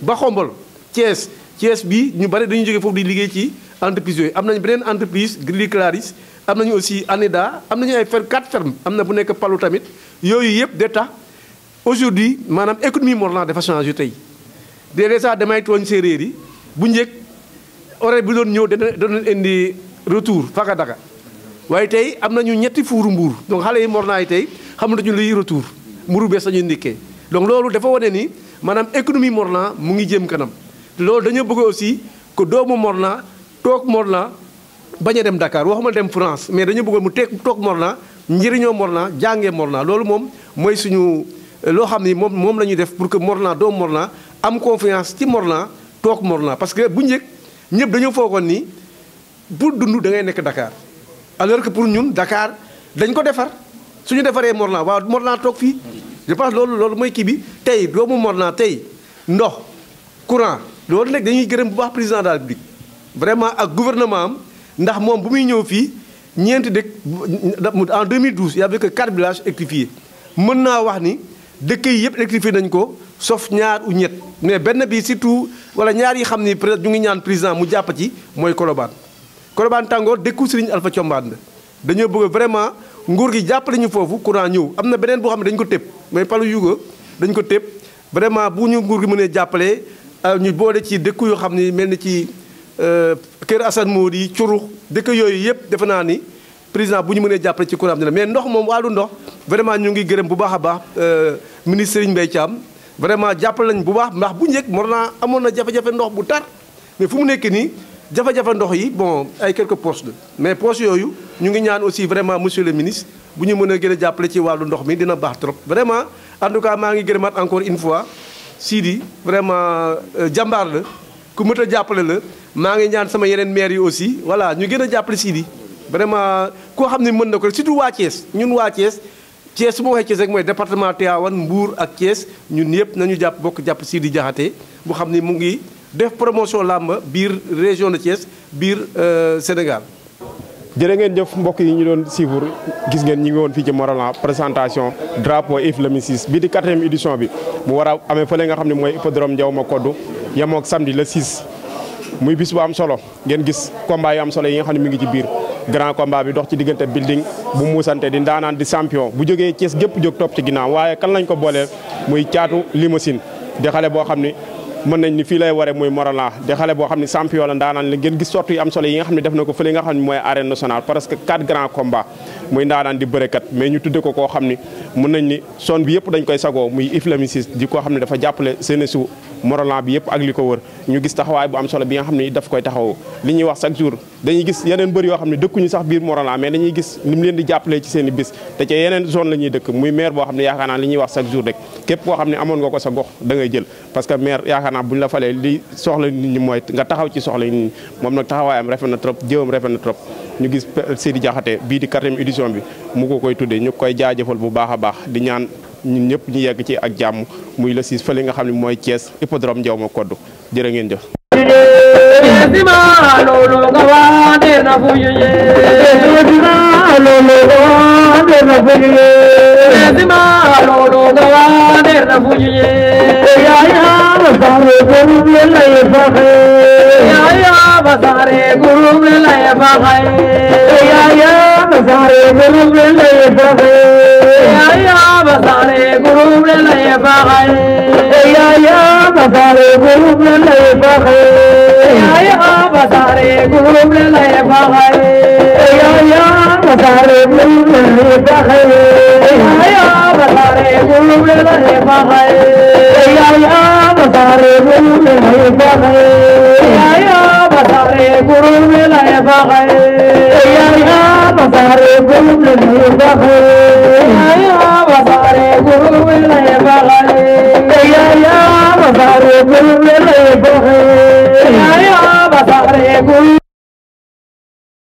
ba Xombol Thiès Thiès bi ñu bari dañu jóge foofu di liggéey ci entreprise yooyu am nañu beneen entreprise Grilli Claris am nañu aussi ANEDA am nañu ay fer quatre ferme am na bu nekk Palu tamit yooyu yëpp de tax aujourd'hui maanaam économie Montrolland dafa changé tey déjà damay tooñ séeréer yi bu njëkk horaire bi doon ñëw dana doon indi retour Faka waaye tey am nañu ñetti fuuru mbuur donc xale yi Morolan yi tey xam ñu luy retour mburu bees lañuy ndikkee donc loolu dafa wane ni maanaam économie Morolan mu ngi jëm kanam loolu dañoo bëgg aussi que doomu Morolan toog Morolan bañ a dem Dakar waxuma dem France mais dañu bëgg mu teeg toog Morolan njëriñoo Morolan jàngee Morolan loolu moom mooy suñu euh, loo xam ni moom moom la ñuy def pour que Morolan doomu Morolan am confiance ci Morolan toog Morolan parce que bu njëkk ñëpp dañoo foogoon ni pour dund da ngay nekk Dakar. alors que pour ñun dakaar dañ ko defar suñu defaree Morlan waaw Morlan toog fii je loolu loolu mooy kii bi tey doomu Morlan tey ndox courant loolu nag dañuy gërëm bu baax président daal bi République vraiment ak gouvernement am ndax moom bu muy ñëw fii ñeenti dëkk en 2012 y avait que 4 villages électrifiés mën naa wax ni dëkk yi yëpp électrifié nañ ko sauf ñaar u ñett mais benn bi surtout wala ñaar yi xam ni peut-être ñu ngi ñaan président mu jàpp ci mooy Colobane Colobane tàngoor dëkku Serigne Alpha Thiombane la dañoo bëgg vraiment nguur gi jàppale ñu foofu courant ñëw am na beneen boo xam ne dañu ko tépp mais palu yuga dañ ko tépp vraiment bu ñu nguur gi mënee jàppale euh, ñu boole ci dëkku yoo xam ne mel ni ci euh, Kër Assane Mour yi curux dëkk yooyu yëpp defe naa ni président bu ñu mënee jàppale ci courant dina mais ndox moom wàllu ndox vraiment ñu ngi gërëm bu baax a baax euh, ministre Serigne Mbaye Thiam vraiment jàppale nañ bu baax ndax bu njëkk mor naa amoon na jafe-jafe ndox bu tar mais fu mu nekk nii jafe-jafe ndox yi bon ay quelques postes la mais postes yooyu ñu ngi ñaan aussi vraiment monsieur le ministre bu ñu mën a gën a jàppale ci wàllu ndox mi dina baax trop. vraiment en tout cas maa ngi gërëmaat encore une fois Sidi vraiment euh, jambaar la ku mët a jàppale la maa ngi ñaan sama yeneen maires yi aussi voilà ñu gën a jàppale Sidi. vraiment koo xam ne mën na ko surtout waa Thiès ñun waa Thiès Thiès su ma waxee Thiès rek mooy département Tivaouane mbuur ak Thiès ñun yëpp nañu jàpp bokk jàpp Sidi Diakhaté bu xam ne mu ngi. def promotion làmb biir région de Thiès biir euh, Sénégal. jërë ngeen jëf mbokk yi ñu doon suivre gis ngeen ñi ngi woon fii ci Morolan présentation drapeau If le 6 bii di quatrième édition bi mu war a amee fële nga xam ne mooy hippodrome Ndiaw ma koddu yemook samedi le 6. muy bis bu am solo ngeen gis combat yu am solo yi nga xam ne mu ngi ci biir grand combat bi dox ci diggante building bu muusante di ndaanaan di champion bu jógee Thiès gépp jóg topp ci ginnaaw waaye kan lañ ko booleel muy caatu limousine di xale boo xam ne mën nañ ni fii lay waree muy Morolan di xale boo xam ne champion la ndaanaan la ngeen gis sortu yi am solo yi nga xam ne def na ko fële nga xam ne mooy arène nationale presque quatre grands combats muy ndaanaan di bërekat mais ñu tudde ko koo xam ni mun nañ ni son bi yëpp dañ koy sagoo muy Iflami di koo xam ne dafa jàppale jeunesse Morolan bi yëpp ak li ko wër ñu gis taxawaay bu am solo bi nga xam ne daf koy taxawoo li ñuy wax chaque jour dañuy gis yeneen bër yoo xam ne dëkkuñu sax biir Morolan mais dañuy gis ni mu leen di jàppalee ci seen zone la ñuy dëkk muy maire boo xam ne yaakaar naa li ñuy wax chaque jour rek képp koo xam ne amoon nga ko sa gox da ngay jël parce que maire yaakaar naa la falee li soxla nit ñi mooy nga taxaw ci soxla nit ñi moom nag taxawaayam rafet na trop jëwam rafet na ñu gis Seydi Diakhaté bii di quatrième édition bi mu ko koy tuddee ñu koy jaajëfal bu baax a baax di ñaan ñun ñëpp ñu yegg ci ak jàmm muy le six fële nga xam ne mooy Thiès hippodrome Ndiaw ma koddu jërë ngeen jëf. बसारे गुरु मिलय बगाए आया बसारे गुरु मिलय बगाए आया बसारे गुरु मिलय बगाए आया बसारे गुरु मिलय बगाए आया बसारे गुरु मिलय बगाए आया बसारे गुरु मिलय बगाए आया बसारे गुरु मिलय बगाए आया बसारे गुरु मिलय बगाए قرون من الفخر يا يا بصار قرون من الفخر يا يا بصار قرون من الفخر يا يا بصار قرون